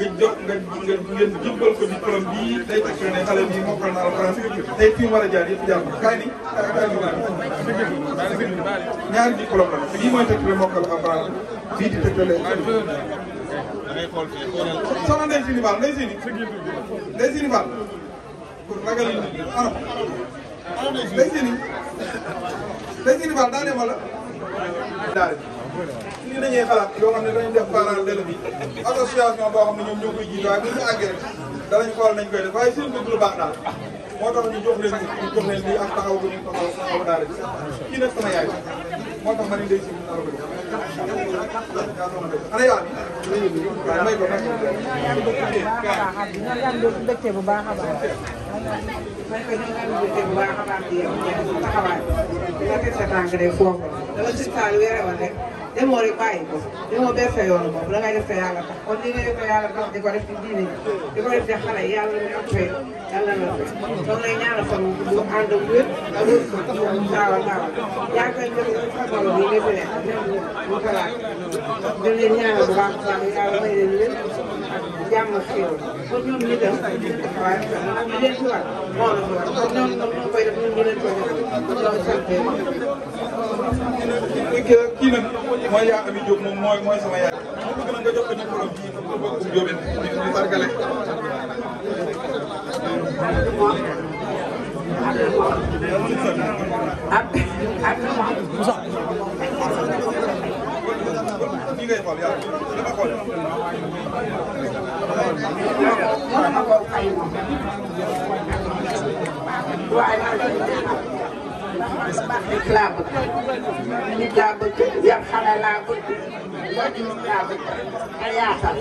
nga jox nga nga ngeen jëmbal ko diplôme bii day fekk ne xale bi mokkal na alxuraan tey fi mu war a jaar yëpp jaar na kaay ni kaay ni ñaari diplôme la fii mooy tegtale mokkal alxuraan fii di tegtale soxna Ndeye Sini Fall Ndeye Sini Ndeye Sini Fall pour ragal yi anam Ndeye Sini Ndeye Sini Fall daane wala daane lii dañuy xalaat yoo xam ne dañu def parent délai bi association boo xam ne ñoom ñoo koy jiitu waaye bu ñu àggee rek danañ xool nañ koy def waaye seen bëgg lu baax daal moo tax ñu jox leen ñu jox leen lii ak taxaw bu ñu ko taxaw daara bi kii nag sama yaay moo tax ma ne day si mu nar a bëgg ana yaa waaye may ko may ko bu baax a baax man kay ñu ngi leen bu baax a baax di yow taxawaay bi nga teg sa tànk de foofu la dama si taal weerewal rek. demoo rek bàyyi ko demoo benn sa yoonu bopp dangay def sa yàlla tax kon li ngay def sa yàlla tax di ko def ci diine di ko def ci xale yàlla mi am fee yàlla la fee donc lay ñaanal fan bu ànd ak wér ak wér ko saawa saawa yaakaar nga ne xamal bi nga fi nekk bu talaat di leen ñaanal bu baax baax yàlla may leen wér ak jàmm ak xéewal kon ñoom ñu dem waaye li leen ci war moo la ci war kon ñoom ñoom ñoo koy def ñun ñu leen ko def ñoom sant kii nag mooy yaa Ami Diop moom mooy mooy sama yaay. moom bëgg na nga jox ko micro bi ñu jóge ñu sargale. waaw. nit laa bëgg nit laa bëgg yar xale laa bëgg wàññi nit laa bëgg nga yaatal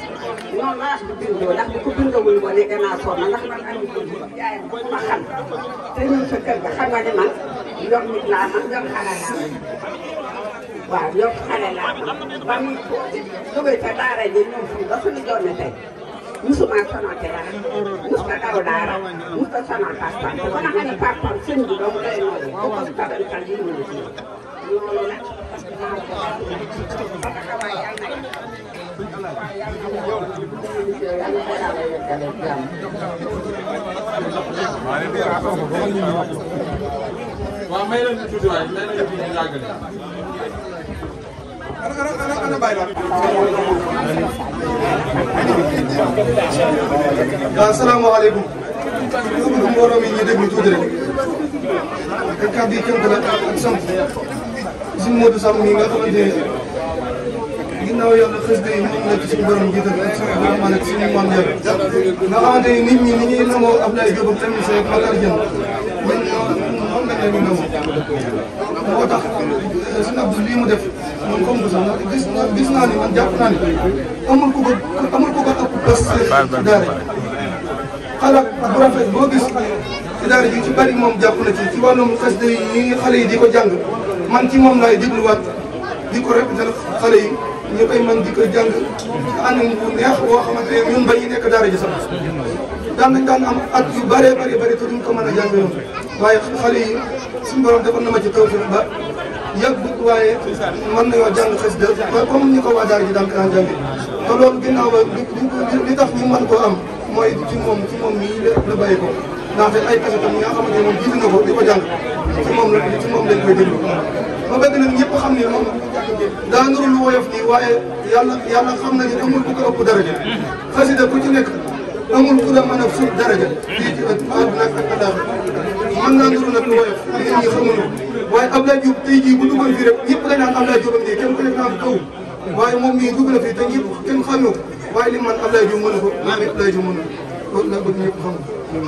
noonu laa ko bindoo ndax bu ko bindoowul woon ne gannaaw sonn ndax man am jaay ma xam te ñun sa kër ga xam nga ne man yor nit laa man yor xale laa waaw yor xale laa ba muy jógee ca daara ji ñëw fii ba suñu joonne tey musuma sonal dara musuma daw daara musta sonal paspam ko na hani paspam sëñ bi dong doy noonu ko ko suka ben kan yim ni loolu nag taxawaay yàlla na waaw may leen tuuti waay may leen tuuti yàggale waaw salaamaaleykum. mbooloo mbooloo mi ñu déglu tuuti rek. ak kàddu yi tënk na ak sant. suñu Modou Samb mi nga xamante ne ginnaaw yàlla xës de moom la ci suñu borom jiital ak suñu maanaam ak suñu maam yàlla. nga xamante ne nit ñi ni ñuy nangu Abdoulaye Diop ak tamit say Matar Dieng. ñoom ñoom ñoom lañ leen di nangu. moo tax suñu mu def. man comme que gis naa gis ni man jàpp naa ni amul ko amul ku ko ëpp bés. ci daara xalaat boo gis ci daara ji ci bari moom jàpp na ci ci wàllum xasida yi xale yi di ko jàng man ci moom laay dégluwaat di ko répété xale yi ñu koy man di ko jàng anam bu neex boo xamante ne bay yi nekk daara ji sax daan daan am at yu bëree bëri bëri te duñ ko mën a jàng yoon waaye xale yi suñu borom defoon na ma ci tawfiq ba. yàggut waaye mën nañoo jàng xasida ba comme ni ko waa daara ji daan daan jànge te loolu ginnaaw ba li tax ñu mën koo am mooy ci moom ci la bàyyi ko ndax ay kasetam yi nga xamante ne moom jiitu na ko di ko jàng ci moom la ci moom lañ koy déglu ma bëgg nag ñëpp xam ne moom daa lu woyof na ni amul ku ko ëpp daraja xasida ku ci nekk amul ku la mën a ful daraja fii ci àdduna ak àllaaxira mën naa nuru nag lu woyof nit ñi xamuñu waaye Abdoulaye Diop tey jii bu duggoon fii rek ñëpp lay naan Abdoulaye Diop ak nii kenn ku nekk naa kaw waaye moom mii dugg na fii te ñëpp kenn xamuñu waaye li man Abdoulaye Diop mënu ko maa ngi Abdoulaye Diop mënu ko loolu laa bëgg ñëpp xam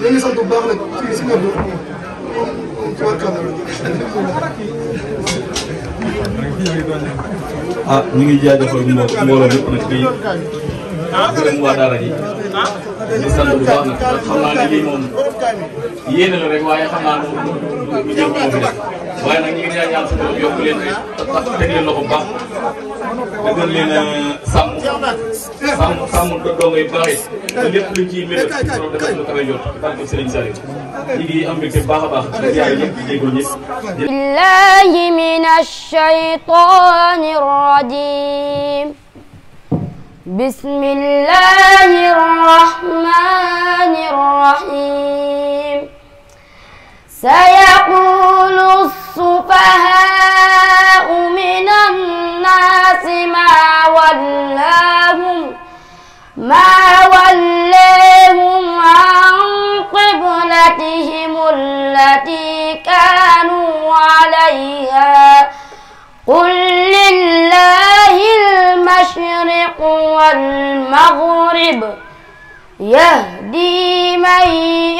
ñu ngi sant bu baax nag fii si ñëpp moom moom ci wàllu ah ñu ngi jaajëfal mbooloo mbooloo yëpp nag fii ah, di leen waa daara ji ah. di sant bu baax nag xam naa ne lii moom yéene la rek waaye xam naa ne lu jëm moo fi def waaye nag ñu ngi ñaan yàlla suñu bopp yokk leen tax teg leen loxo bu baax te gën leen a euh, sàmm sàmm sàmm doonga yu baax yi lépp luñ ciy mbir loolu dafa lu kawe jot barke Sëriñ Saliou ñu ngi am mbégte baax a baax di jaay ñëpp di jégalu ñëpp. billahi minash shaytanir rajim بسم الله الرحمن الرحيم سيقول السفهاء من الناس ما ولاهم ما ولاهم عن قبلتهم التي كانوا عليها قل لله المشرق والمغرب يهدي من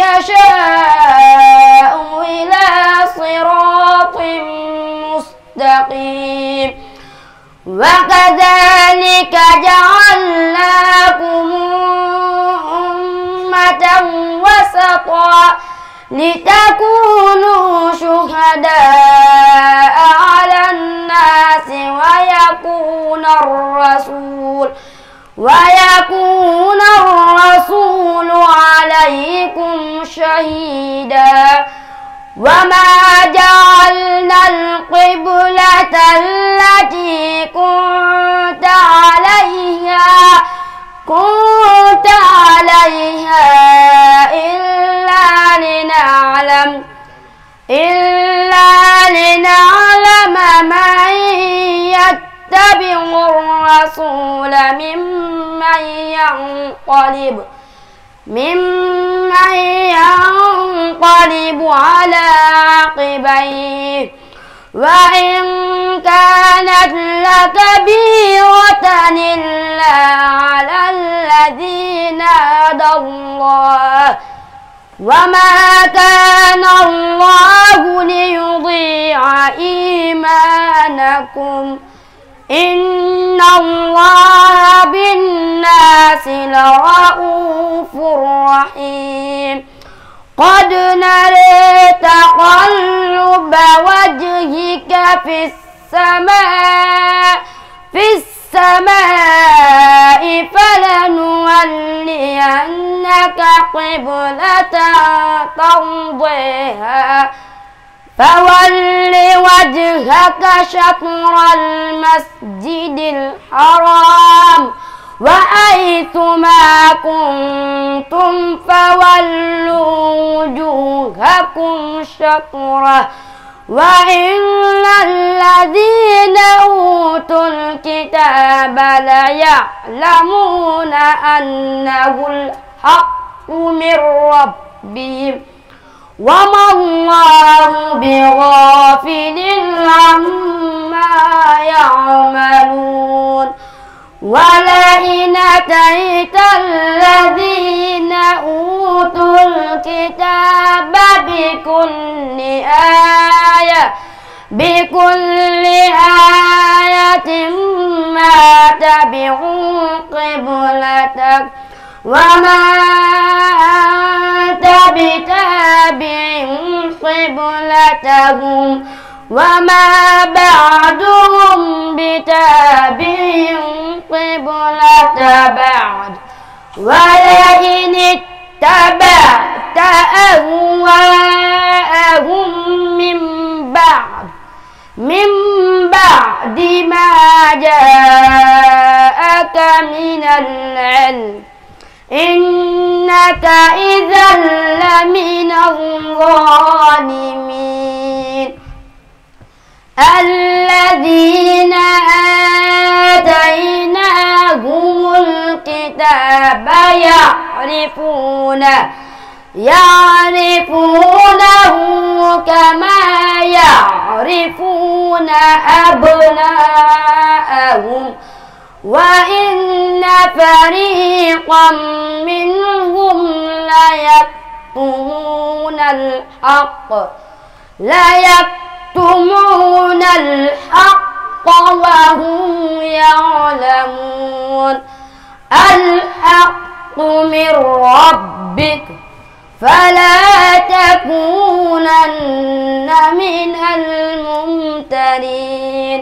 يشاء إلى صراط مستقيم وكذلك جعلناكم أمة وسطا لتكونوا شهداء على الناس ويكون الرسول ويكون الرسول عليكم شهيدا وما جعلنا القبلة التي كنت واتبعوا الرسول ممن ينقلب ممن ينقلب على عقبيه وإن كانت لكبيرة إلا على الذين هدى الله وما كان الله ليضيع إيمانكم إن الله بالناس لرؤوف رحيم قد نري تقلب وجهك في السماء في السماء فلنولينك قبلة ترضيها فول وجهك شطر المسجد الحرام وأيثما كنتم فولوا وجوهكم شطره وإن الذين أوتوا الكتاب ليعلمون أنه الحق من ربهم وما الله بغافل عما يعملون ولئن أتيت الذين أوتوا الكتاب بكل آية بكل آية ما تبعوا قبلتك وما أنت بتابع قبلتهم وما بعدهم بتابع قبلة بعد ولئن اتبعت أهواءهم من بعد من بعد ما جاءك من العلم إنك إذا لمن الظالمين الذين آتيناهم الكتاب يعرفونه يعرفونه كما يعرفون أبناءهم وإن فريقا منهم ليكتمون الحق ليكتمون الحق وهم يعلمون الحق من ربك فلا تكونن من الممترين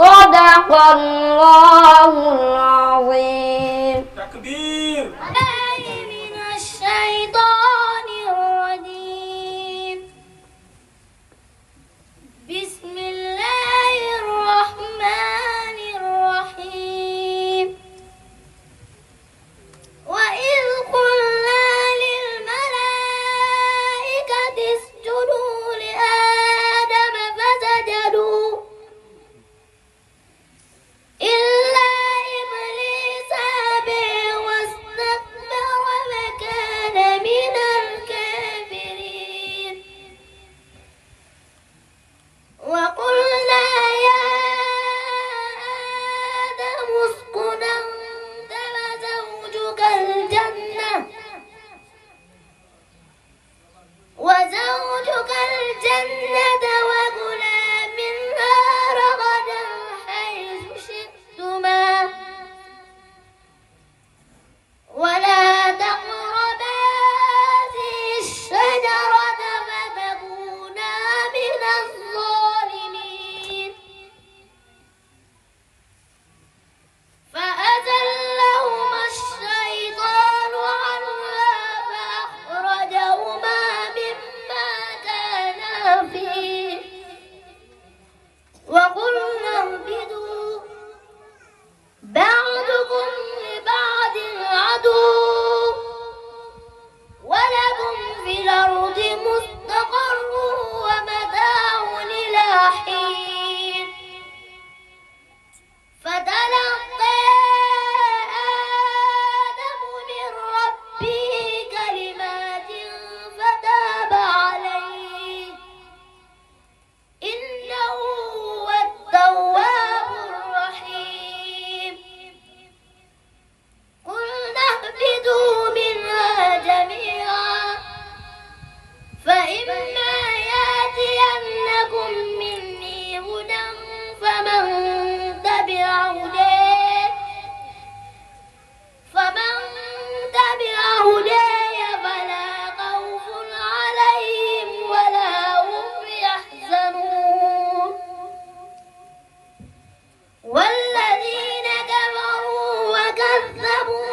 sadaqallahul azim takbir وإذ قلنا كذبوا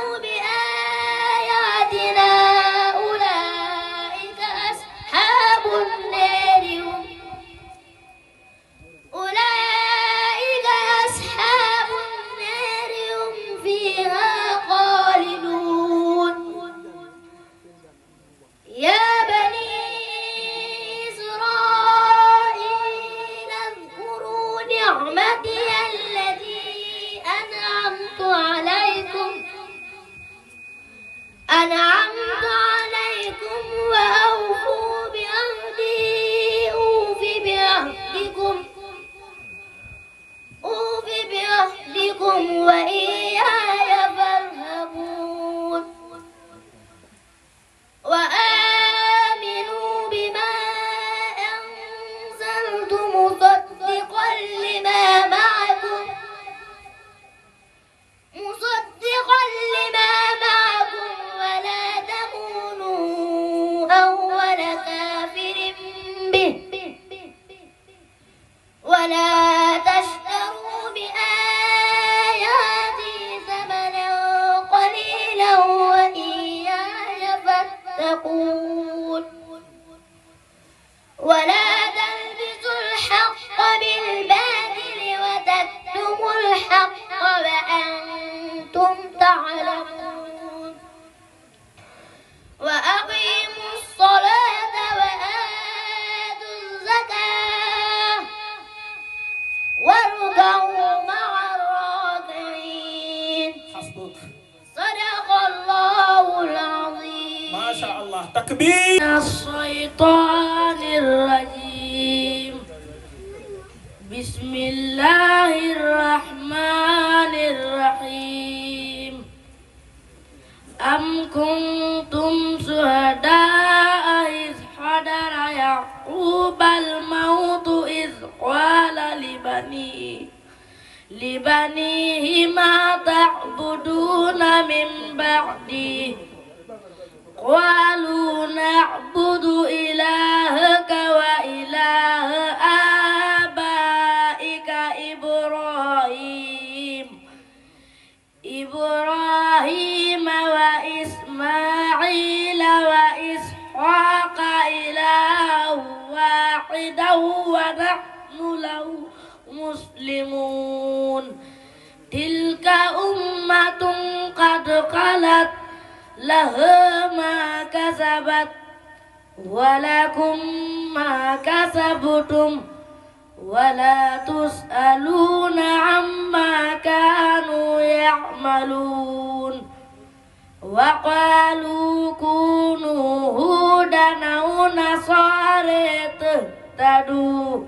تهتدوا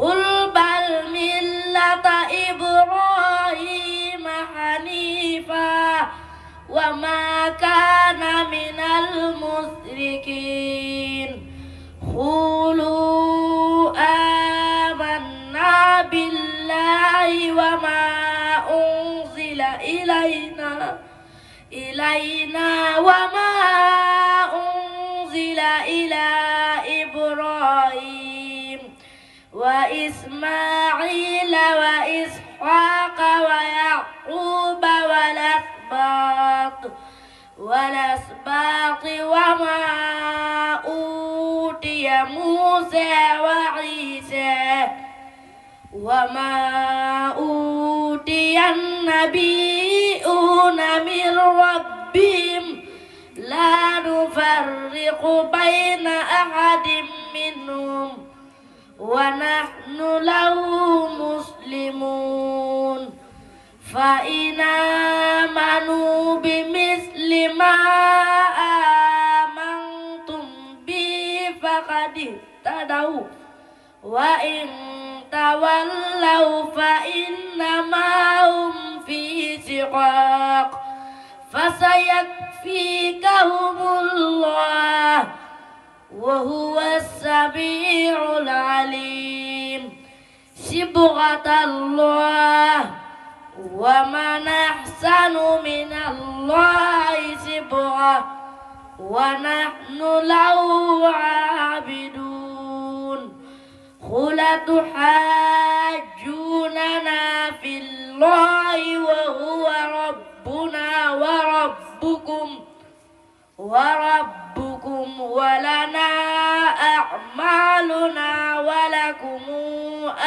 قل بل ملة إبراهيم حنيفا وما كان من المشركين قولوا آمنا بالله وما أنزل إلينا إلينا وما أنزل إلى إبراهيم وإسماعيل وإسحاق ويعقوب والأسباط والأسباط وما أوتي موسى وعيسى وما أوتي النبيون من ربهم لا نفرق بين أحد منهم ونحن له مسلمون فإن آمنوا بمثل ما آمنتم به فقد اهتدوا وإن تولوا فإنما هم في شقاق فسيكفيكهم الله وهو السميع العليم صبغة الله ومن أحسن من الله صبغة ونحن له عابدون قل تحاجوننا في الله وهو ربنا وربكم وربكم ولنا أعمالنا ولكم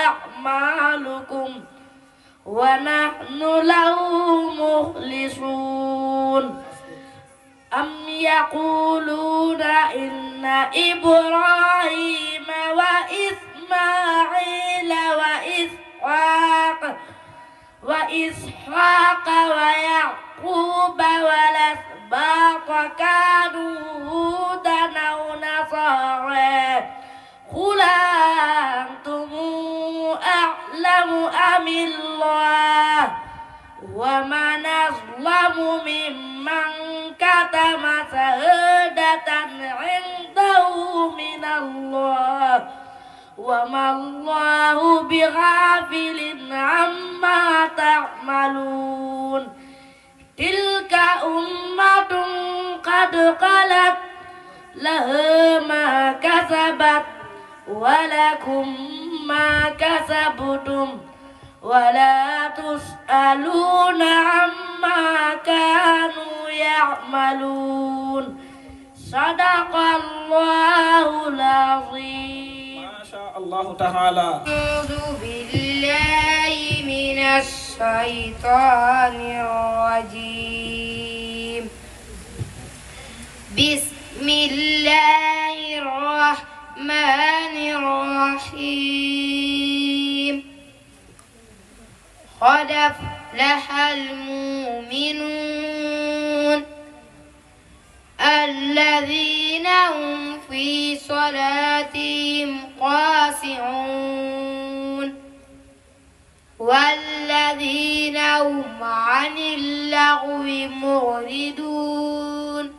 أعمالكم ونحن له مخلصون أم يقولون إن إبراهيم وإسماعيل وإسحاق وإسحاق ويعقوب ولسنا أسباط كانوا هودا أو نصارى قل أنتم أعلم أم الله ومن أظلم ممن كتم شهادة عنده من الله وما الله بغافل عما تعملون تلك أمة قد خلت لها ما كسبت ولكم ما كسبتم ولا تسألون عما كانوا يعملون صدق الله العظيم ما شاء الله تعالى أعوذ بالله من الشيطان الشيطان الرجيم بسم الله الرحمن الرحيم قد أفلح المؤمنون الذين هم في صلاتهم خاشعون والذين هم عن اللغو مغردون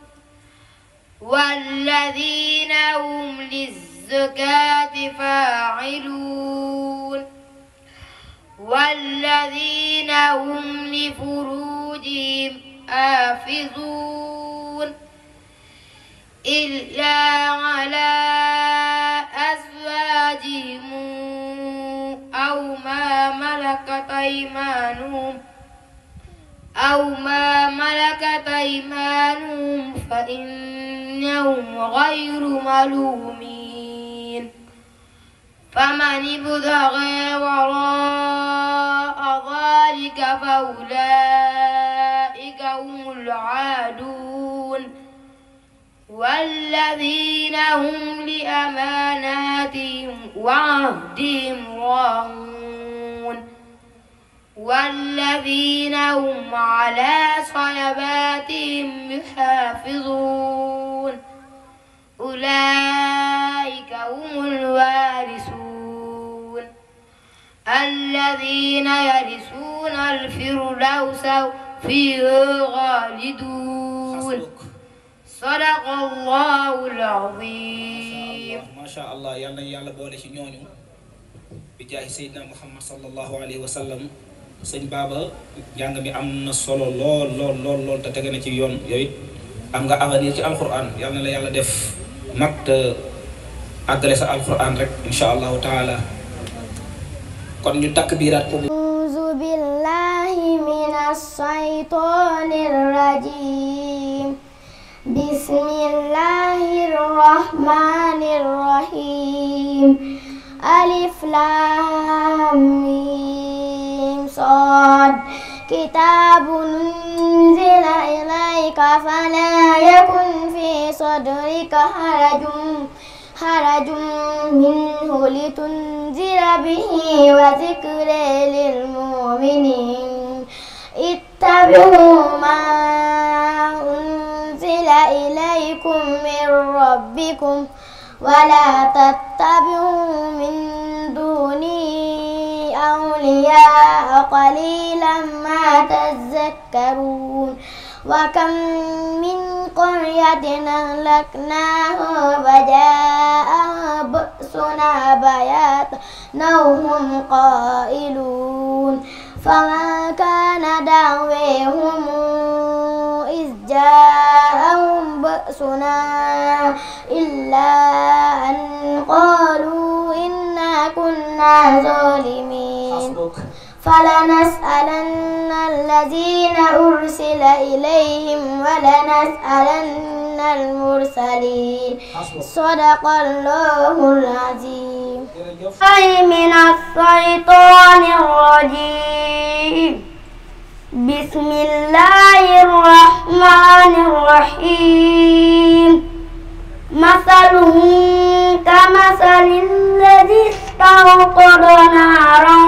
والذين هم للزكاة فاعلون والذين هم لفروجهم حافظون إلا على أزواجهم أو ما ملكت أيمانهم أو ما ملكت أيمانهم فإنهم غير ملومين فمن ابتغي وراء ذلك فأولئك هم العادون والذين هم لأماناتهم وعهدهم راهون والذين هم على صلواتهم يحافظون أولئك هم الوارثون الذين يرثون الفردوس فيه خالدون sadaqallahul azim macha allah yal nañu yàlla boole ci ñooñu bi jaahi sayyidina muhammad sallallahu alayhi wa sallam baaba njàng mi am na solo lool lool lool lool te tege na ci yoon yooyu am nga avenir ci alquran yal na la yàlla def mag te àggale sa alquran rek insha allahu taala kon ñu takk biiraat ko أعوذ بالله من الشيطان الرجيم بسم الله الرحمن الرحيم ألف لام ميم صاد كتاب أنزل إليك فلا يكن في صدرك حرج حرج منه لتنذر به وذكر للمؤمنين اتبعوا ما أنزل أنزل إليكم من ربكم ولا تتبعوا من دونه أولياء قليلا ما تذكرون وكم من قرية أهلكناها وجاء بأسنا بياتا وهم قائلون فما كان دعويهم جاءهم بأسنا إلا أن قالوا إنا كنا ظالمين فلنسألن الذين أرسل إليهم ولنسألن المرسلين صدق الله العظيم من الشيطان الرجيم بسم الله الرحمن الرحيم مثلهم كمثل الذي استوقد نارا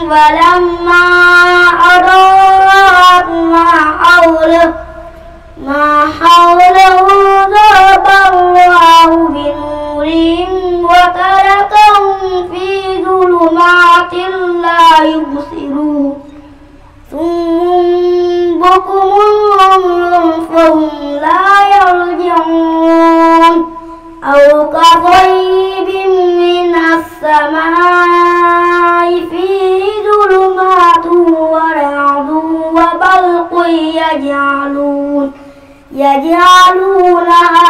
فلما أضاءت ما حوله ما حوله ذهب الله بنورهم وتركهم في ظلمات لا يبصرون ثم بكم عمر فهم لا يرجعون أو كطيب من السماء فيه ظلمات ورعد وبرق يجعلون يجعلون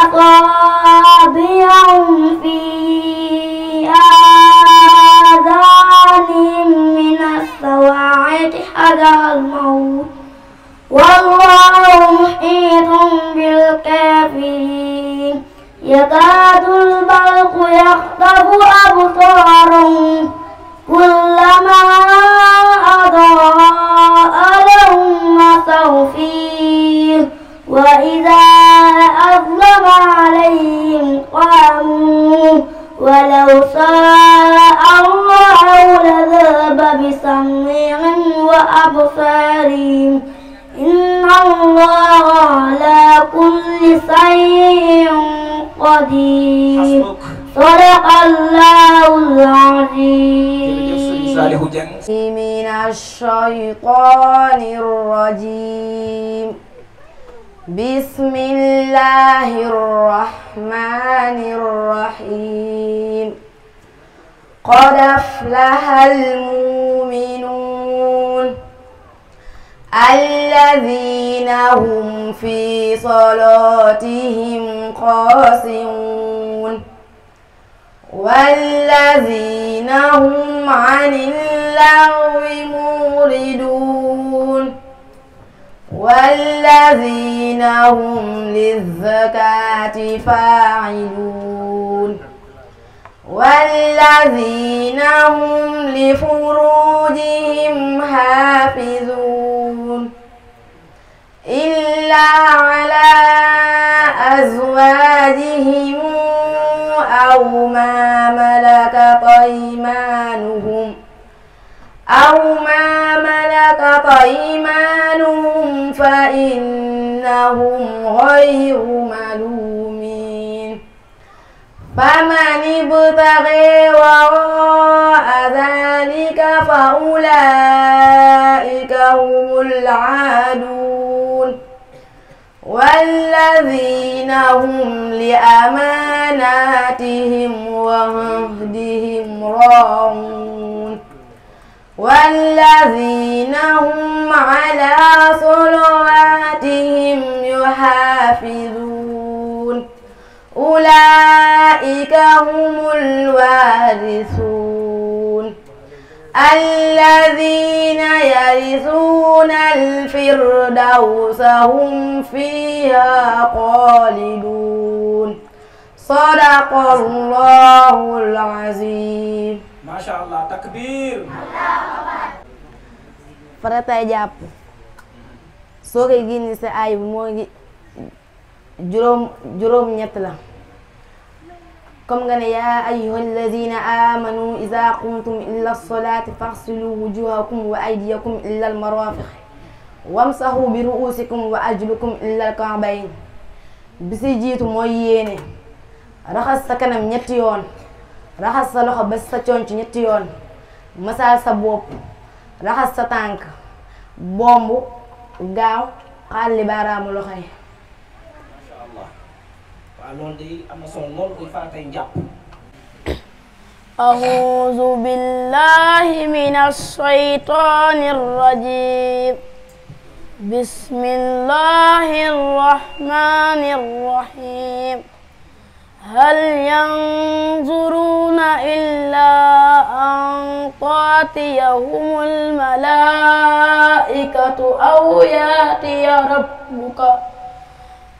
أصابعهم في آه الرحمة حذر الموت والله محيط بالكافرين يكاد البرق يخطف أبصارهم كلما أضاء لهم مصوا فيه وإذا أظلم عليهم قاموا ولو شاء الله لذهب بسمعهم وأبصارهم إن الله على كل شيء قدير صدق الله العظيم من الشيطان الرجيم بسم الله الرحمن الرحيم قد أفلح المؤمنون الذين هم في صلاتهم خاشعون والذين هم عن اللغو موردون والذين هم للزكاة فاعلون والذين هم لفروجهم حافظون إلا على أزواجهم أو ما ملكت أيمانهم أو ما ملكت أيمانهم فإنهم غير ملومين فمن ابتغي وراء ذلك فأولئك هم العادون والذين هم لأماناتهم وعهدهم راعون والذين هم على صلواتهم يحافظون أولئك هم الوارثون الذين يرثون الفردوس هم فيها خالدون صدق الله العظيم macha allah takbir. faratay jàpp soo koy génne sa aay bi moo ngi juróom juróom ñett la comme nga ne yaa ayyuha alladina amanu ida qumtum ila lsolati faxsilu wujuhakum wa aydiyakum ila almarafiq wamsahu bi ruusikum wa ajlukum ila alkaabayn bi si jiitu mooy yéene raxas sa kanam ñetti yoon raxas sa loxo ba sa conc ñetti yoon masaal sa bopp raxas sa tànk bomb gaaw xàlli baaraamu loxo yi masha allah waaw loolu de am na solo loolu koy faratay njàpp أعوذ بالله من هل ينظرون إلا أن تأتيهم الملائكة أو يأتي ربك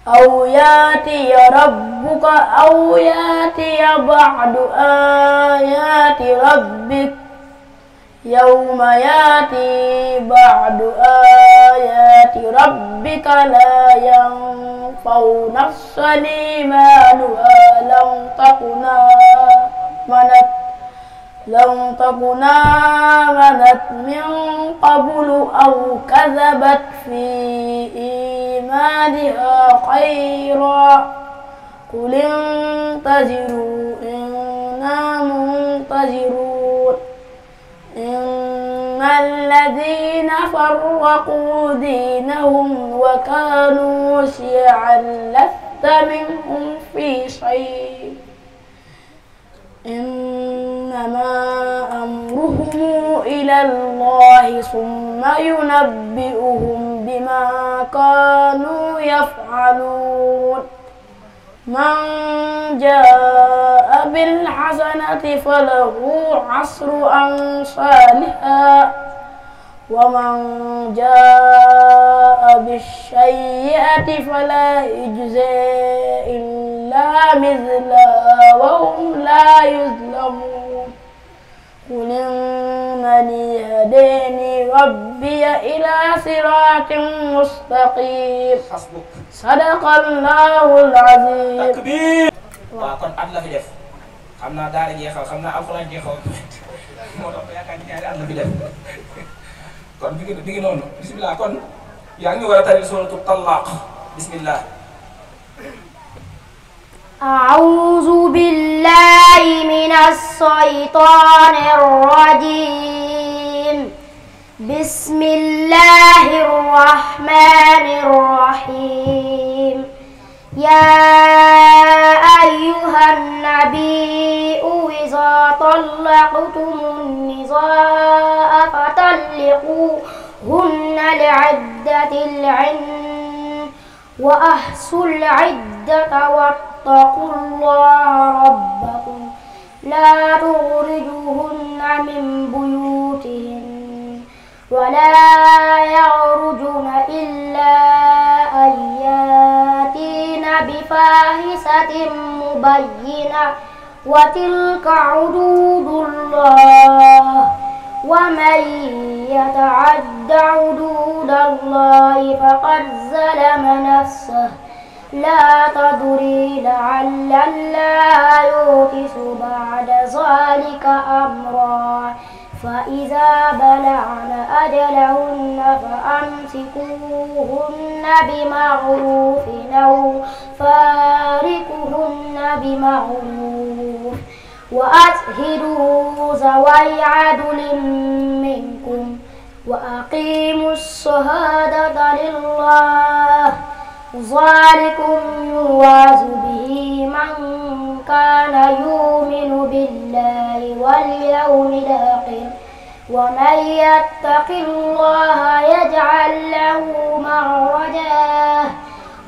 أو يأتي ربك أو يأتي بعد آيات ربك يوم ياتي بعد آيات ربك لا ينفع نفسا إيمانها لم تكن آمنت لم تكن آمنت من قبل أو كذبت في إيمانها خيرا قل انتظروا إنا منتظرون إن الذين فرقوا دينهم وكانوا شيعا لست منهم في شيء إنما أمرهم إلى الله ثم ينبئهم بما كانوا يفعلون من جاء بالحسنة فله عشر أمثالها ومن جاء بالسيئة فلا يجزى إلا مثلها وهم لا يظلمون قل إنني هديني ربي إلى صراط مستقيم صدق الله العظيم تكبير waaw kon at la fi def xam naa daara jeexal xam naa alxuraan jeexal moo tax ba yaakaar ñaari at la fi def kon bi ngi bi ngi noonu bisimilah kon yaa ngi ñu war a tari suratul Talaq bisimilah أعوذ بالله من الشيطان الرجيم بسم الله الرحمن الرحيم يا أيها النبي إذا طلقتم النساء فطلقوهن لعدة العند وأحصوا العدة واتقوا الله ربكم لا تخرجوهن من بيوتهن ولا يعرجن إلا أن ياتين بفاحشة مبينة وتلك حدود الله ومن يتعد حدود الله فقد ظلم نفسه لا تدري لعل الله يوقس بعد ذلك أمرا فإذا بلغن أجلهن فأمسكوهن بمعروف أو فارقهن بمعروف وأشهدوا ذوي عدل منكم وأقيموا الشهادة لله ذلكم يوعظ به من كان يؤمن بالله واليوم الآخر ومن يتق الله يجعل له مخرجا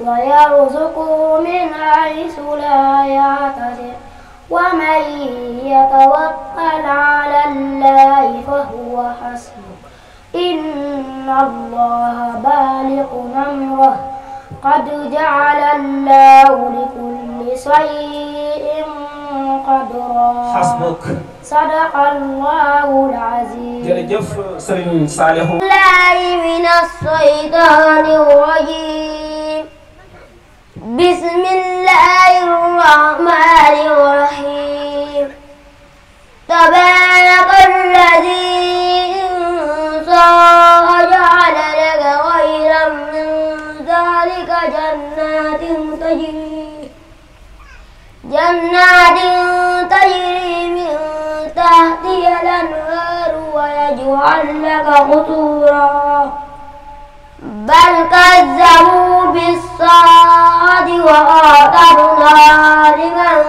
ويرزقه من حيث لا يعتذر ومن يتوكل على الله فهو حسبه إن الله بالغ أمره قد جعل الله لكل شيء قدرا حسبك صدق الله العظيم جرجف سرين صالح الله من الشيطان الرجيم بسم الله الرحمن الرحيم تبارك الذي إنصار جعل لك غيرا من ذلك جنات تجري جنات تجري من تحتها الأنهار ويجعل لك قصورا بل كذبوا بالساعة وآثرنا لمن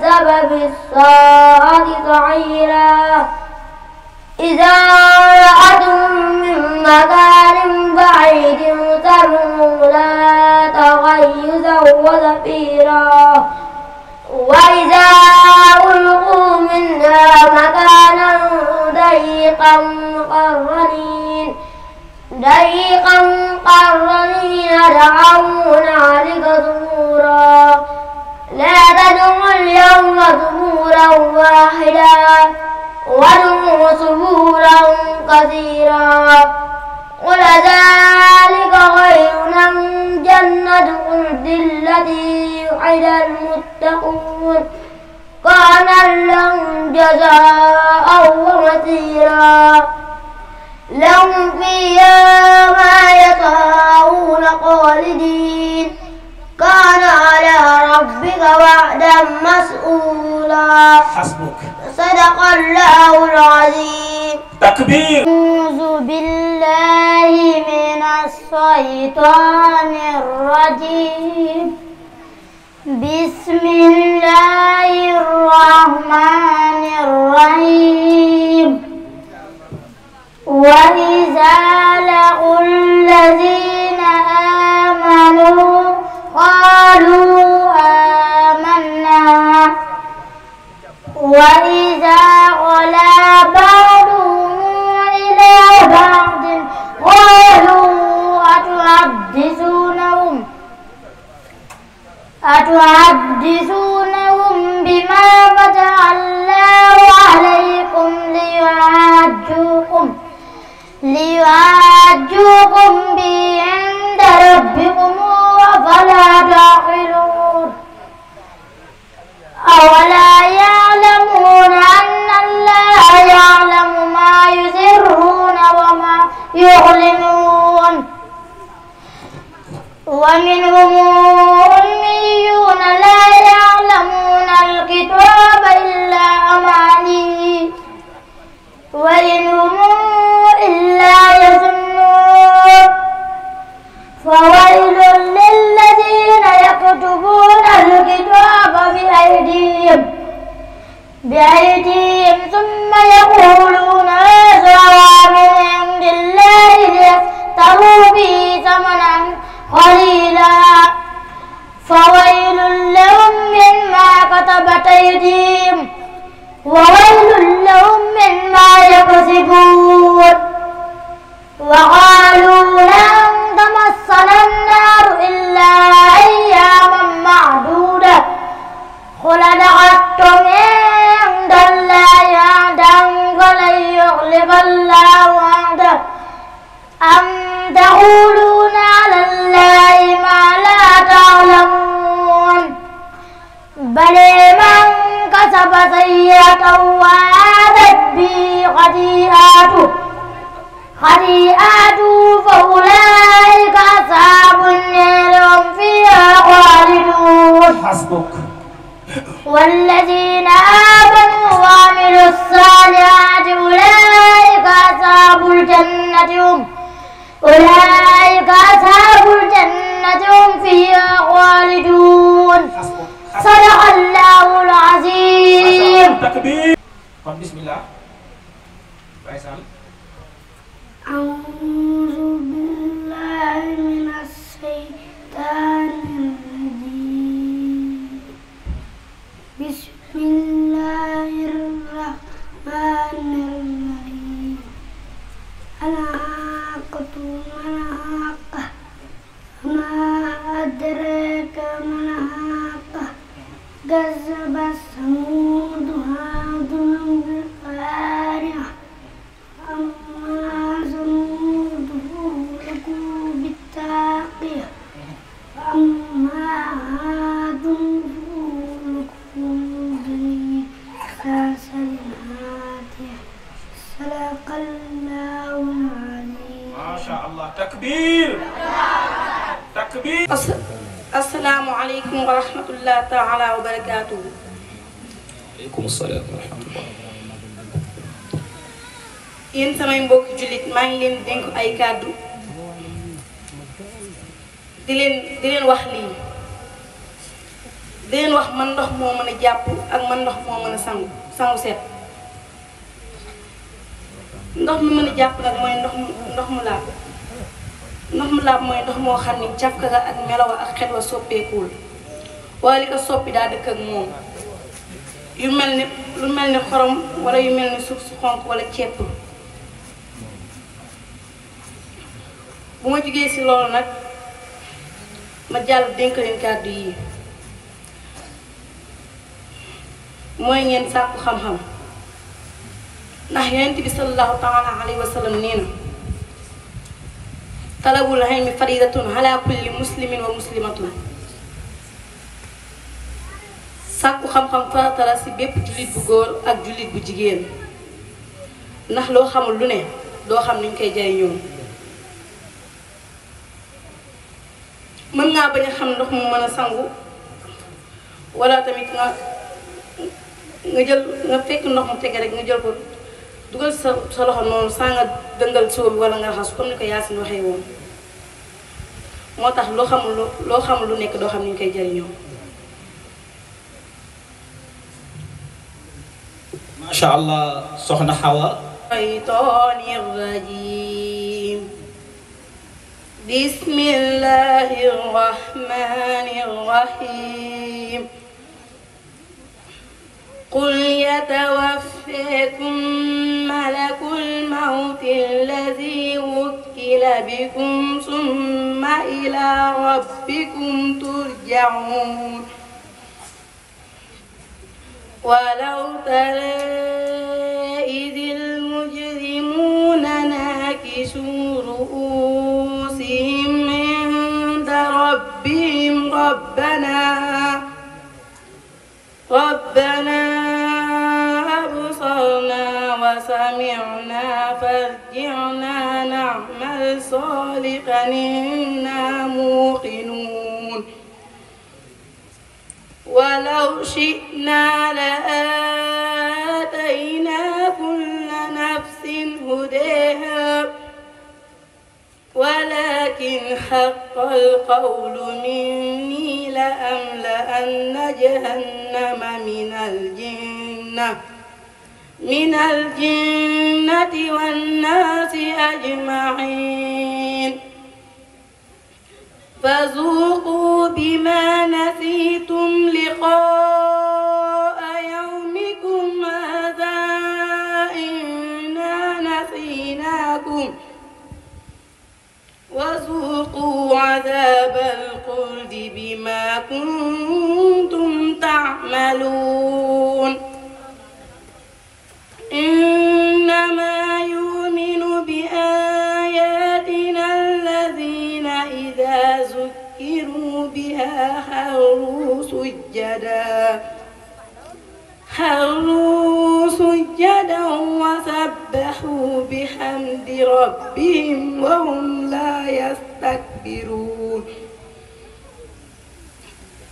كذب بالساعة سعيرا إذا رأتهم من مكان بعيد ترموا لا تغيزا وزفيرا وإذا ألقوا منها مكانا ضيقا مقرنين فريقا قرنين دعون عليك ظهورا لا تدعوا اليوم ظهورا واحدا وادعوا ثبورا كثيرا قل ذلك خير أم جنة خلد التي وعد المتقون كان لهم جزاء ومثيرا لهم فيها ما يطاعون خالدين كان على ربك وعدا مسؤولا حسبك صدق الله العظيم تكبير أعوذ بالله من الشيطان الرجيم بسم الله الرحمن الرحيم وإذا لقوا الذين آمنوا قالوا آمنا وإذا خلا بعضهم إلى بعض قالوا أتحدثونهم أتحدثونهم بما فتح الله عليكم ليعاجوكم ليعجوكم به عند ربكم أفلا تعقلون أولا يعلمون أن الله يعلم ما يسرون وما يعلنون ومنهم أميون لا يعلمون الكتاب إلا أماني وإنهم jafka ga ak melawa ak xet soppeekuwul waaye li ko soppi daa dëkk ak moom yu mel ni lu mel ni xorom wala yu mel ni suuf su xonq wala ceeb bu ma jugee ci lool nag ma jàll dénk leen kàddu yi mooy ngeen sàkku xam-xam ndax yonent bi sallallahu taala alayhi wa sallam nee talabul ilmi faridatun ala kulli muslimin wa muslimatun sàkku xam-xam farata si bépp jullit bu góor ak jullit bu jigéen ndax loo xamul lu ne doo xam niñ koy jariñoo mën naa bañ xam ndox mu mën a sangu wala tamit nga jël nga fekk ndox mu tege rek nga jël ko dugal sa sa loxo noonu saa nga dëngal siwo bi nga raxas comme ni ko Yaasin waxee woon moo tax loo xamul loo xamul lu nekk doo xam ni ñu koy jëriñoo. macha allah soxna Xawa. shaytaani rajim. bismillahi rahmani rahim. قل يتوفيكم ملك الموت الذي وكل بكم ثم إلى ربكم ترجعون ولو ترى إذ المجرمون ناكسوا رؤوسهم عند ربهم ربنا ربنا وسمعنا فارجعنا نعمل صالحا إنا موقنون ولو شئنا لآتينا كل نفس هداها ولكن حق القول مني لأملأن جهنم من الجنة من الجنة والناس أجمعين فذوقوا بما نسيتم لقاء يومكم هذا إنا نسيناكم وذوقوا عذاب القرد بما كنتم تعملون إنما يؤمن بآياتنا الذين إذا ذكروا بها خروا سجدا خروا سجدا وسبحوا بحمد ربهم وهم لا يستكبرون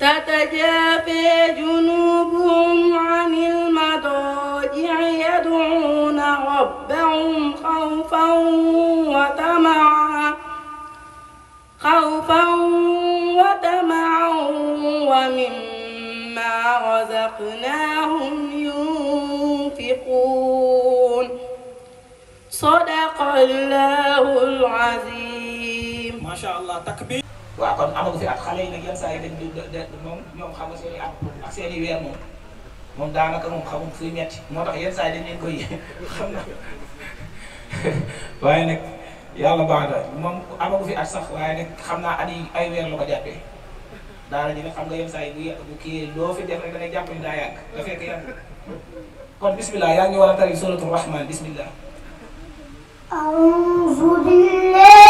تتجافى جنوبهم عن المضاجع يدعون ربهم خوفا وطمعا خوفا وطمعا ومما رزقناهم ينفقون صدق الله العظيم ما شاء الله تكبير waaw kon amagu fi at xale yi nag yenn saa yi dañ di de moom ñoom xam nga seen i at ak seen i weer moom moom daanaka moom xamul fuy metti moo tax yenn saa yi dañ leen koy xam na waaye nag yàlla baax na moom amagu fi at sax waaye nag xam naa at yi ay weer la ko jàppee daara ji nag xam nga yenn saa yi bu bu kii loo fi def rek da ngay jàpp ni daa yàgg da fekk yàgg kon bismillah yaa ngi war a tari rahman bismillah أعوذ بالله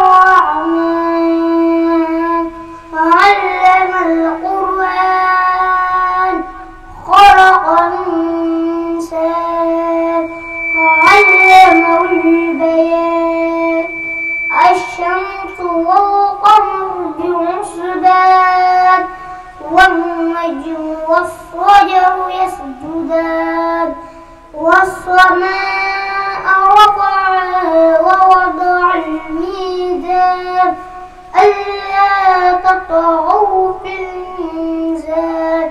وما رفعها ووضع الميزان ألا تطغوا في الميزان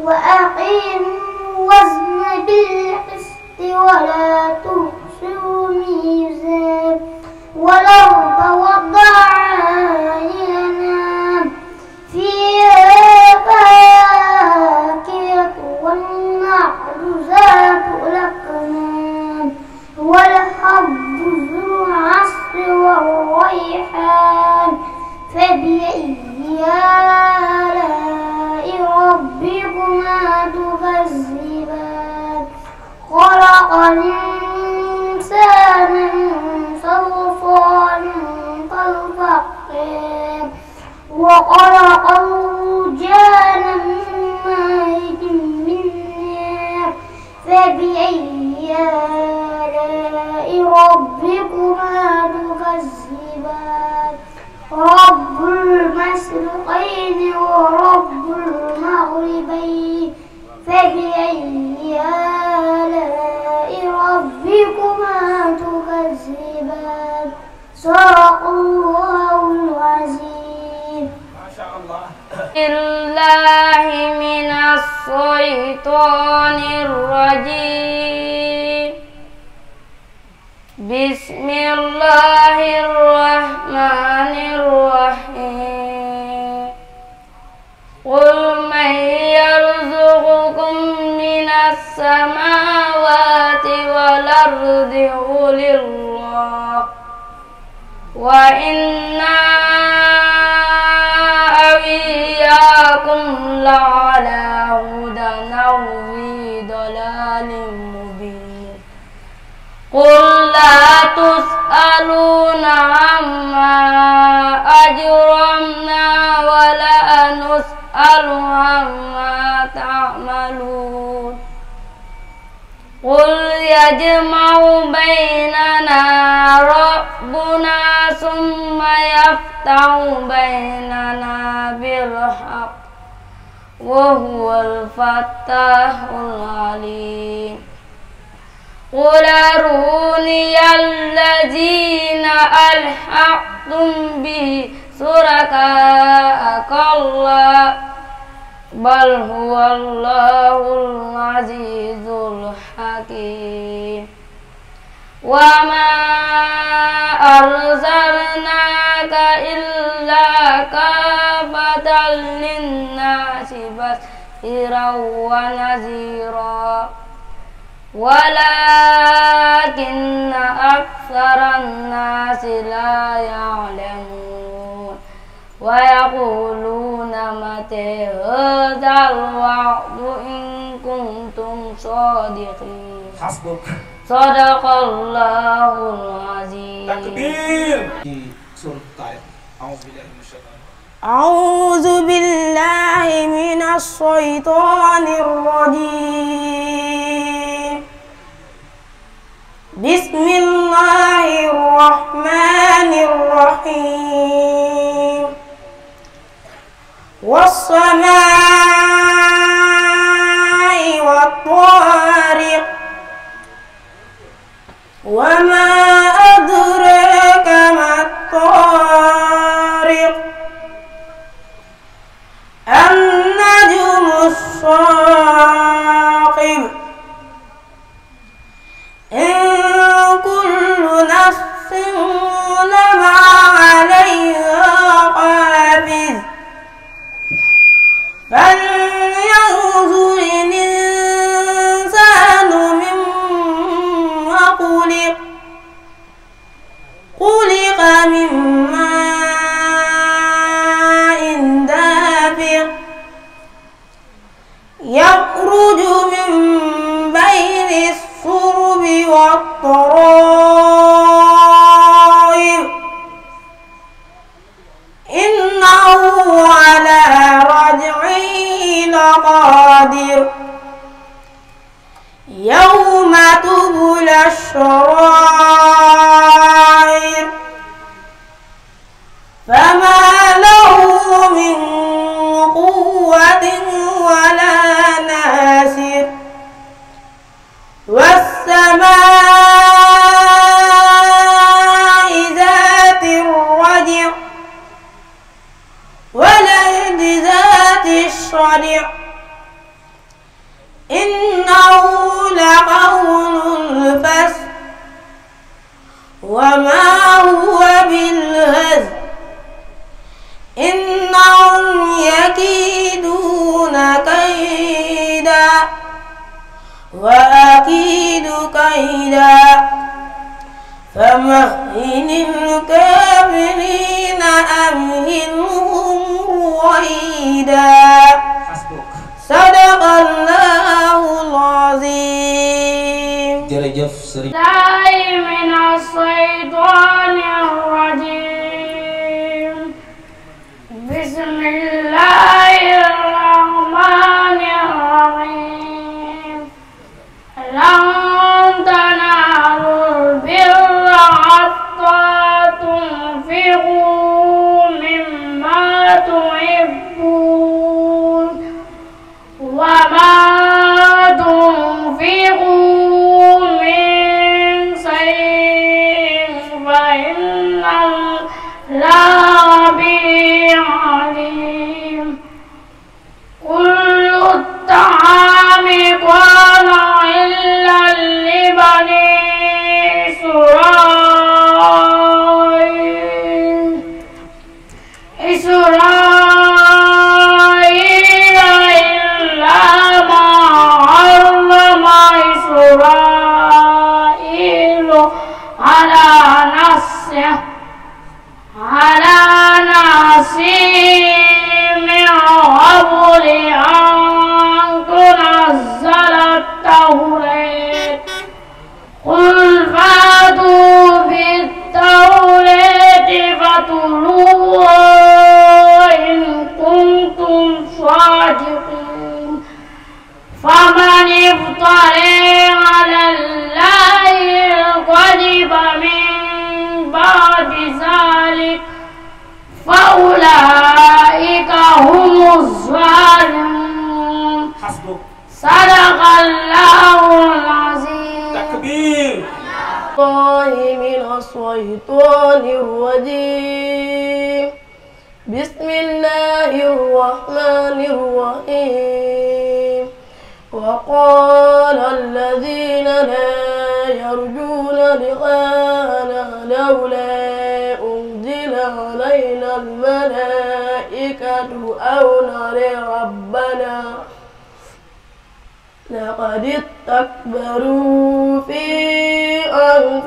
وأقيموا الوزن بالقسط ولا تخسروا الميزان والأرض وضعها والريحان فبأي آلاء ربكما تكذبان خلق الإنسان من صلصال كالفخار وخلق الرجال من ماء فبأي آلاء ربكما تكذبان رب المشرقين ورب المغربين فبأي آلاء ربكما تكذبان صدق الله العظيم بالله من الشيطان الرجيم بسم الله الرحمن الرحيم قل من يرزقكم من السماوات والأرض قل الله وإنا على هدى أو في ضلال مبين قل لا تسألون عما أجرمنا ولا نسأل عما تعملون قل يجمع بيننا ربنا ثم يفتح بيننا بالحق وهو الفتاح العليم قل أروني الذين ألحقتم به شركاء كلا بل هو الله العزيز الحكيم وما أرسلنا أرسلناك إلا كافة للناس بشيرا ونذيرا ولكن أكثر الناس لا يعلمون ويقولون متى هذا الوعد إن كنتم صادقين حسبك صدق الله العظيم تكبير أعوذ بالله من الشيطان الرجيم بسم الله الرحمن الرحيم والسماء والطارق وما أدرك ما الطارق النجم الصاقب إن كل نفس لما عليها قافز فلينظر الإنسان مما خلق خلق من الضرائر إنه على رجعه لقادر يوم تبلى الشرائر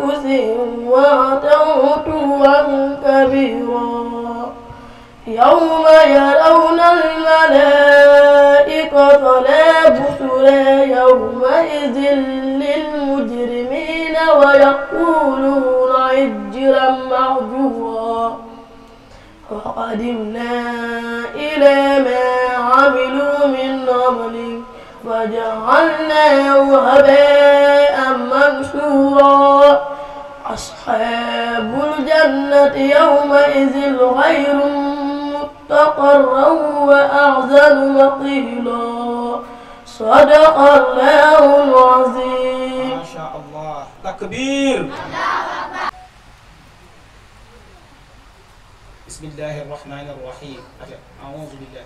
أنفسهم وعتوا عتوا كبيرا يوم يرون الملائكة لا بشرى يومئذ للمجرمين ويقولون عجرا معجورا وقدمنا إلى ما عملوا من عمل فجعلناه هباء منثورا أصحاب الجنة يومئذ غير مستقرا وأحسن مقيلا صدق الله العظيم ما شاء الله تكبير بسم الله الرحمن الرحيم أعوذ بالله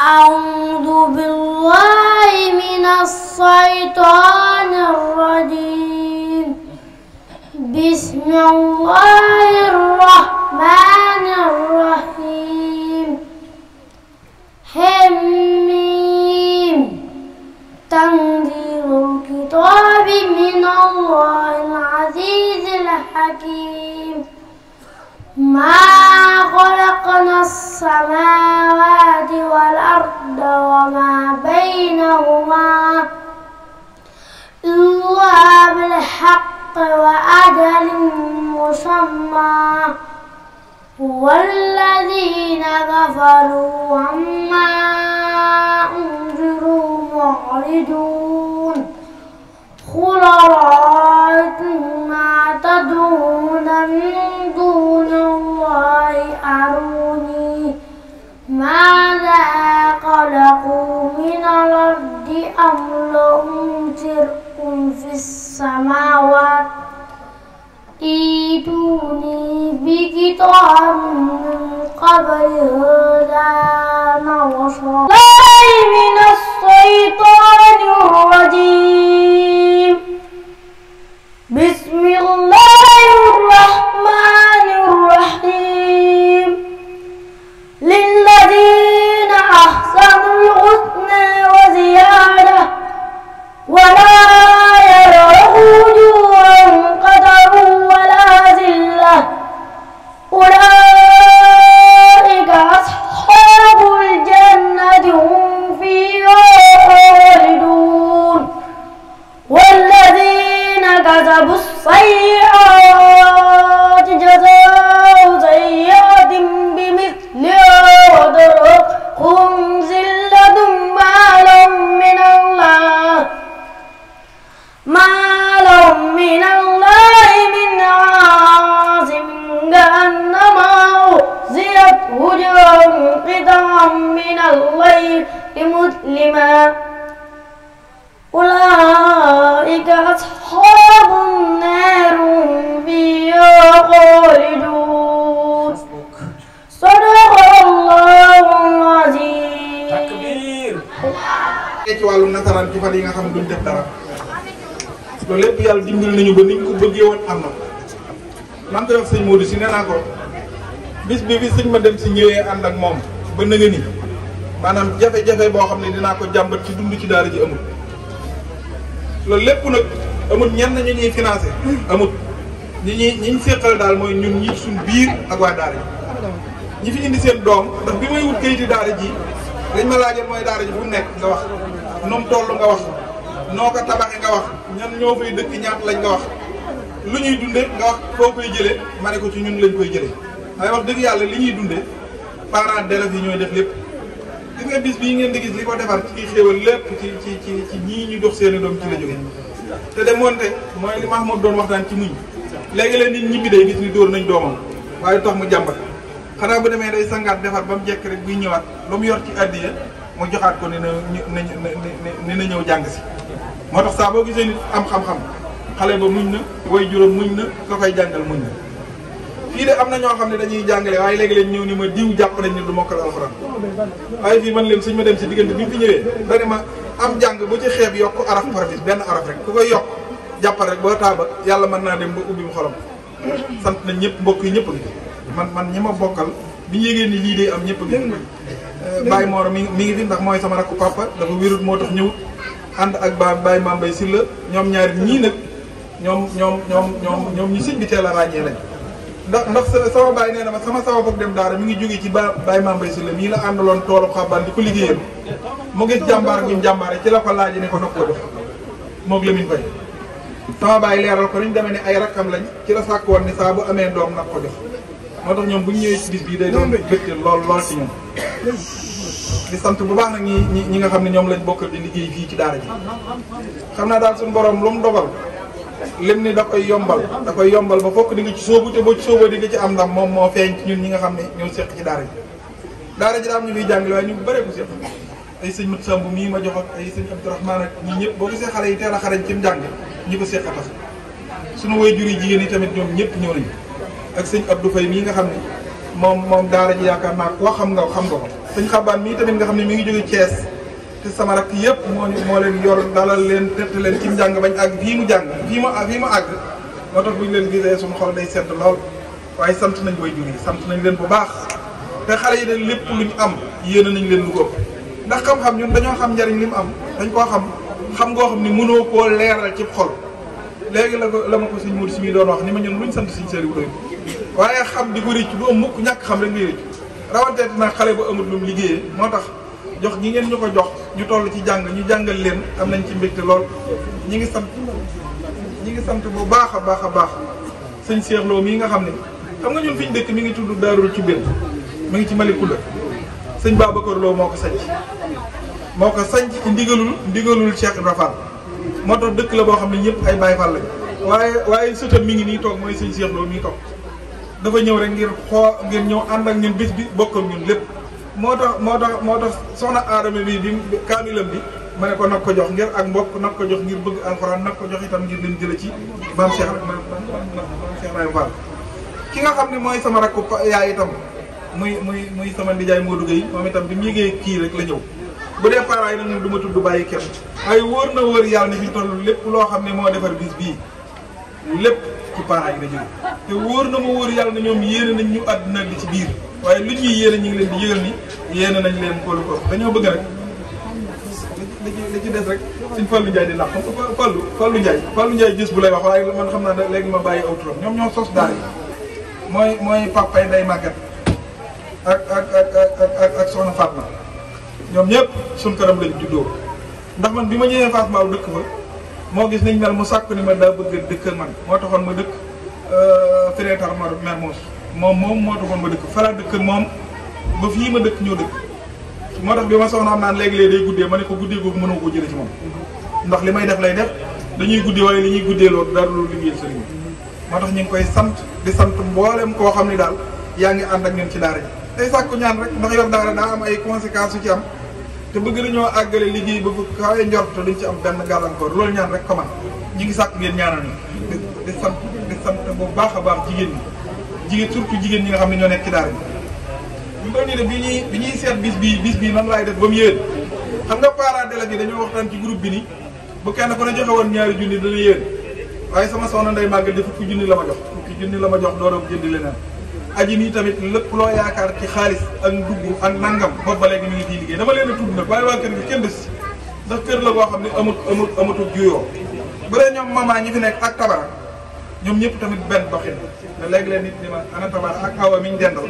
أعوذ بالله من الشيطان الرجيم بسم الله الرحمن الرحيم حميم تنزيل الكتاب من الله العزيز الحكيم ما خلقنا السماوات والأرض وما بينهما إلا بالحق الحق وأجل مسمى والذين كفروا عما أنذروا معرضون قل أرأيتم ما تدعون من دون الله أروني ماذا خلقوا من الأرض أم لهم شرك لكم في السماوات إيتوني بكتاب من قبل هدى مرسول من الشيطان الرجيم بسم الله الرحمن الرحيم للذين أحسنوا الحسنى وزيادة ولا يرهب وجوههم قدر ولا ذلة أولئك أصحاب الجنة هم فيها خالدون والذين كسبوا السيئات جزاء سيئة بمثلها وترهقهم ذلة ما لهم من الله من عاصم كأنما أغزيت وجوههم قطعا من الليل مظلما أولئك أصحاب النار هم فيها خالدون صدق الله العظيم. ci wàllu nasaraan ci fan yi nga xam duñ def dara. loolu lépp yàlla dimbali nañu ba niñ ko bëggee woon am na maa ngi koy wax sëñ Modou si nee naa ko bis bi bi sëñ ma dem si ñëwee ànd ak moom ba nëgë ni jafe-jafe boo xam ne dinaa ko jàmbat ci dund ci daara ji amul loolu lépp nag amut ñenn ñu ñuy financé amut ñi ñuy ñi ñu séqal daal mooy ñun ñi suñ biir ak waa daara ji ñi fi indi seen doom ndax bi may wut kayiti daara ji dañ ma laa laajoon mooy daara ji fu mu nekk nga wax noom toll nga wax noo ko tabaxee nga wax ñan ñoo fay dëkk ñaat lañ nga wax lu ñuy dunde nga wax foo koy jëlee ma ne ko ci ñun lañ koy jëlee waaye wax dëgg yàlla li ñuy dunde parents d'élèves yi ñooy def lépp gis nga bis bii ngeen di gis li ko defar ci xéewal lépp ci ci ci ci ñu dox seeni doom ci la jóge te de moonte mooy li Mahmoud doon waxtaan ci muñ léegi leen nit ñibbi day gis ni dóor nañ doomam waaye tax mu jàmbat xanaa bu demee day sangaat defar ba mu jekk rek buy ñëwaat lu mu yor ci àddiya mu joxaat ko ni na ni na ñëw jàng si moo tax saa boo gisee nit am xam-xam xale ba muñ na way juróom muñ na ka koy jàngal muñ na fii de am na ñoo xam ne dañuy jàngale waaye léegi leen ñëw ni ma diw jàpp nañ ne du mokkal alxuraan waaye fii man leen suñ ma dem si diggante bi mu fi ñëwee dane ma ci xeeb yokk araf par bis benn araf rek ku koy yokk jàppal boo taaba yàlla mën naa dem ba ubbi mu xolam sant nañ ñëpp mbokk yi ñëpp man man ñi ma bokkal bi ñu yégéen ni lii dee am ñëpp ngi moo Mor mi mi ngi fi ndax mooy sama rakku papa dafa wérut moo tax ñëwut ànd ak baa baay Mame Mbaye Sylla ñoom ñaar ñii nag ñoom ñoom ñoom ñoom ñoom ñi sëñ bi teel a ràññee lañ ndax ndax sama baay nee na ma sama sama boog dem daara mu ngi jógee ci ba Baye Mame Mbaye Sylla mii la àndaloon toolu xabaan di ko liggéeyal mu gis jàmbaar guñ jàmbaare ci la ko laajee ne ko nag ko def moog Lamine Faye sama baay leeral ko niñ demee ne ay rakkam lañ ci la sàkk woon ni saa bu amee doom nag ko def moo tax ñoom bu ñu ñëwee ci bis bii day doon bëtt lool lool ci ñoom ci sant bu baax nag ñi ñi ñi nga xam ne ñoom lañ bokkal di liggéey fii ci daara ji xam naa daal suñu borom lu mu dogal lim ni da koy yombal da koy yombal ba fokk di nga ci sóobu te boo ci sóoboo di nga ci am ndam moom moo feeñ ci ñi nga xam ne ñoo seq ci daara ji daara ji daam ñu fiy jàngale waaye ñu bëre ko seq ay sëñ mat sambu ma jox ay sëñ abdourahman ak ñi ñëpp boo gisee xale yi teel a xarañ ci njàng ñi ko seq a tax suñu way juri jigéen yi tamit ñoom ñëpp ñëw nañu ak sëñ abdou fay mii nga xam ne moom moom daara ji yaakaar naa koo xam nga xam nga ko sëñ xabaan mii tamit nga xam ne mu ngi jóge cees te sama rakk yëpp moo moo leen yor dalal leen tëtt leen ci njàng bañ àgg fii mu jàng fii mu fii mu àgg moo tax bu leen gisee suñu xol day sedd lool waaye sant nañ way jur yi sant nañ leen bu baax te xale yi de lépp luñ am yéene nañ leen lu góob ndax xam-xam ñun dañoo xam njariñ li mu am dañ koo xam xam ngoo xam ni mënoo koo leeral ci xol léegi la ko la ma ko sëñ Modou si mii doon wax ni ma ñun luñ sant suñ seeri wu doy waaye xam di ko récc du am mukk xam rek rawante nag xale bu amul lu mu liggéeyee moo tax jox gi ngeen ñu ko jox ñu toll ci jàng ñu jàngal leen am nañ ci mbégte lool ñi ngi sant ñi ngi sant bu baax a baax a baax sëñ Cheikh Lo mii nga xam ne xam nga ñun fi ñu dëkk mi ngi tudd ci Cubbeen mi ngi ci mali Malikounda sëñ Babacar Lo moo ko sanc moo ko sañc ci ndigalul ndigalul Cheikh Ibra Fall moo tax dëkk la boo xam ne ñëpp ay Baay Fall lañ waaye waaye sëtam mi ngi nii toog mooy sëñ Cheikh Lo mii toog dafa ñëw rek ngir xoo ngir ñëw ànd ak ñun bis bi bokk ak lépp moo tax moo tax moo tax soxna aadama bi di kaamilam bi ma ne ko nag ko jox ngir ak mbokk nag ko jox ngir bëgg alxuraan nag ko jox itam ngir leen jële ci maam Cheikh rek maam Cheikh Ibrahima Fall ki nga xam ne mooy sama rakku yaay itam muy muy muy sama ndijaay Modou Gueye moom itam bi mu yëgee kii rek la ñëw bu dee paaraay nag moom du ma tudd bàyyi kenn ay wóor na wóor yàlla ni fi toll lépp loo xam ne moo defar bis bii lépp ci parents yi la jóge te wóor na ma wóor yàlla na ñoom yéene nañ ñu àdduna li ci biir waaye lu ñuy yéene ñu ngi leen di yëgal ni yéene nañ leen ko lu dañoo bëgg rek li ci li ci des rek suñ Fallou Ndiaye di làq xam nga Fallou Fallou Ndiaye Fallou gis bu lay wax waaye man xam naa ne ma bàyyi aw turam ñoom ñoo sos daal yi mooy mooy papay day màggat ak ak ak ak ak soxna Fatma ñoom ñëpp suñ këram lañ bi ma ñëwee Fatma dëkk fa moo gis niñ mel mu sàkku ni ma daa bëgg dëkkal man moo taxoon ma dëkk euh, Frédéric Mermoz moom moom moo taxoon ma dëkk fala dëkk moom ba fii ma dëkk ñoo dëkk moo tax bi ma soxnaam naan léegi-léeg day guddee ma ne ko guddee googu mënoo koo jëlee ci moom ndax li may def lay def dañuy guddee waaye li ñuy guddee loolu dara loolu liggéeyal sëriñ moo tax ñu ngi koy sant di sant mboolem koo xam ni daal yaa ngi ànd ak ñun ci daara ji tey sàkku ñaan rek ndax yor daara daa am ay conséquence yu ci am te bëgg nañoo àggale liggéey ba fu kawe njort te ci am benn gàllankoor loolu ñaan rek comment ñi ngi sàkk ngeen ñaanal ñu di sant di sant bu baax a baax jigéen ñi jigéen surtout jigéen ñi nga xam ne ñoo nekk ci daara bi ñu doon ne bi ñuy bi seet bis bii bis bii nan laay def ba mu yéen xam nga parents d'élèves yi dañoo waxtaan ci groupe bi ni bu kenn ku ne joxe woon ñaari junni dana yéen waaye sama soxna nday màgg di fukki junni la ma jox fukki junni la ma jox doora jënd leneen aji nii tamit lépp loo yaakaar ci xaalis ak ndugg ak nangam boobu ba léegi ngi ciy liggéey dama leen a tudd nag waaye waa kër gi kenn des ndax kër la boo xam ne amut amut amatul juyoo bu dee ñoom mama ñi fi nekk ak tabara ñoom ñëpp tamit benn doxin la léegi leen nit ni ma ana tabara ak awa mi ñu dendal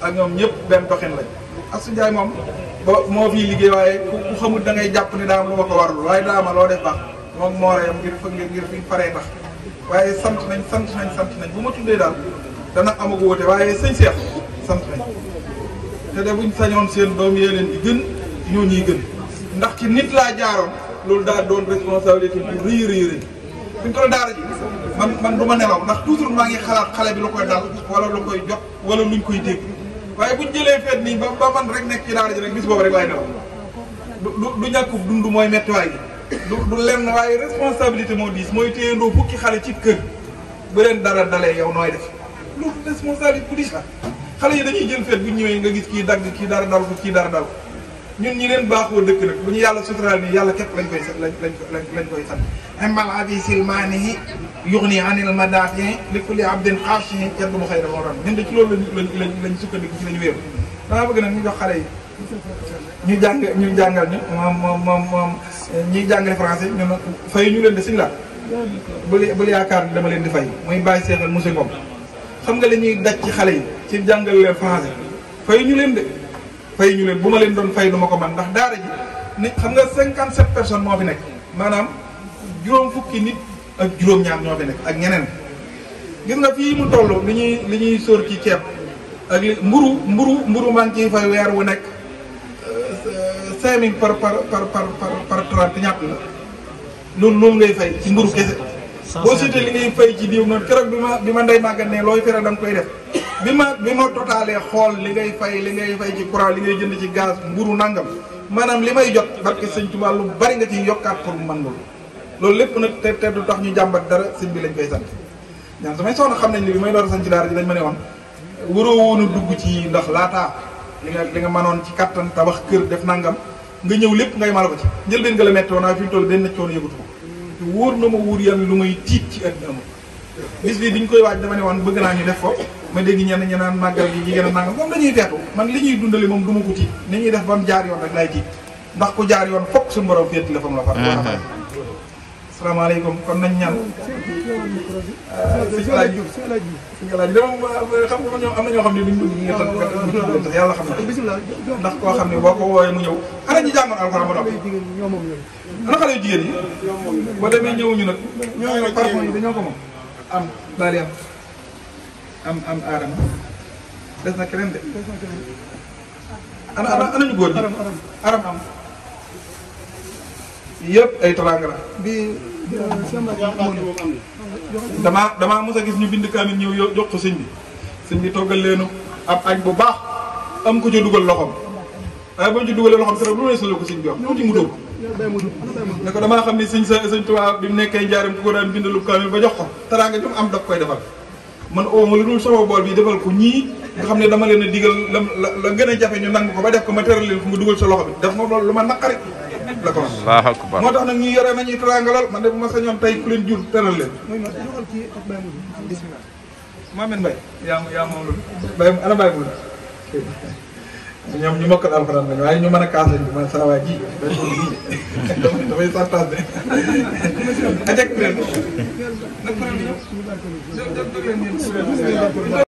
ak ñoom ñëpp benn doxin lañ Asou Ndiaye moom ba moo fiy liggéey waaye ku xamul da ngay jàpp ni daam lu ma ko warul waaye daama loo def baax moom moo reyam ngir ngir fi paree baax waaye sant nañ sant nañ sant nañ bu ma daal dana am woote wóote waaye sëñ Cheikh sant nañ te de buñ sañoon seen doom yee leen di gën ñoo ñuy gën ndax ci nit laa jaaroon loolu daa doon responsabilité bu rëy rëy rëy suñ ko la daara ji man man du ma nelaw ndax toujours maa ngi xalaat xale bi lu koy dal wala lu koy jot wala luñ koy dégg waaye buñ jëlee feet nii ba ba man rek nekk ci daara ji rek bis boobu rek laay nelaw du du ñàkk dund mooy méttiwaay gi du du lenn waaye responsabilité moo diis mooy téyandoo fukki xale ci kër bu dara dalee yow nooy loolu responsabilité bu diis la xale yi dañuy jël feet bu ñëwee nga gis kii dagg kii dara dal ko kii dara dal ko ñun ñi leen baaxoo dëkk nag bu ñu yàlla suturaal nii yàlla képp lañ koy lañ lañ lañ koy sant imal abi silmaanihi yuxni anil madaafi li kulli abdin xaashin yaddu bu xëy de ci loolu lañ lañ lañ sukkandiku ci lañ wéeru dama bëgg ñu jox xale yi ñu jàng ñu jàngal ñu moom moom moom moom ñuy jàngale français ñun fay ñu leen de siñ la bul bul yaakaar dama leen di fay muy bàyyi seexal monsieur Ngom xam nga lañuy ñuy daj ci xale yi ci jàngal leen français fay ñu leen de fay ñu leen bu ma leen doon fay lu ma ko man ndax daara ji nit xam nga cinquante sept personnes moo fi nekk maanaam juróom fukki nit ak juróom-ñaar ñoo fi nekk ak ñeneen gis nga fii mu toll li ñuy li ñuy sóor ci ceeb ak li mburu mburu mburu maa ngi ciy fay weer wu nekk euh, cinq mille par par par par par trente ñàpp la loolu loolu ngay fay ci mburu kese boo siitee li ngay fay ci diw noonu keroog bi ma bi ma ndey màggat ne looy fere da koy def bi ma bi ma totaalee xool li ngay fay li ngay fay ci courant li ngay jënd ci gaz mburu nangam maanaam li may jot barke sëñ Tuubaa lu bari nga ciy yokkaat pour man loolu loolu lépp nag te te du tax ñu jàmbat dara sëñ bi lañ koy sant ñaan samay soxna xam nañ ni bi may door a sant ci daara ji dañ ma ne woon waroo woon a dugg ci ndax laataa li nga li nga mënoon ci kattan tabax kër def nangam nga ñëw lépp ngay mala ko ci njëlbeen nga la méttoon naa fi mu ko wóor na ma wóor yàlla lu may tiit ci àddina amul bis bi biñ koy waaj dama ne woon bëgg naa ñu def ko ma dégg ñenn ñi naan màggal gi jigéen a nangam moom dañuy teetu man li ñuy dundale moom du ma ko tiit ñuy def bam jaar yoon rek laay tiit ndax jaar yoon fokk suñu borom féet la fam la far asalaamaaleykum kon nañ ñaan euh, sëñ laaj sëñ laaj dama xam nga ñoom am na ñoo xam ne duñ bëgg ñu yàlla xam na ndax koo xam ne boo ko wooyee mu ñëw ana ñi jàngoon alxuraan ba noppi ana xale yu jigéen ñi ba demee ñëwuñu nag ñooñu nag parfum yi dañoo ko moom am am am des na keneen de ana ana ana ñu góor ñi aram am yëpp ay teraanga la bi damaa euh, damaa mos a gis ñu bind kaamil ñëw jox ko sëñ bi sëñ bi toggal leenu ab añ bu baax am ko ca dugal loxoom waaye ba mu ci dugalee loxoom keroog lu ne solo ko sëñ bi wax ne ko damaa xam ne sëñ sa sëñ Tuubaa bi mu nekkee njaaram ku ko daan bindalu kaamil ba jox ko teraanga jum am daf koy defal man oo ma lu dul sama ko xam ne dama leen a digal la la gën a jafe ñu ko ba def ko ma teral leen ko nga dugal sa loxo bi def ma loolu lu ma naqari la ko wax moo tax nag ñu yore nañuy teraanga lool man de bu ma sañoon tey ku leen jur teral leen Maamin Mbaye yaa yaa moom loolu Baye ana Baye Mbour te ñoom ñu mokkal alxuraan lañu waaye ñu ma a kaas lañu man saa waay ji damay damay sartaas de. ajak leen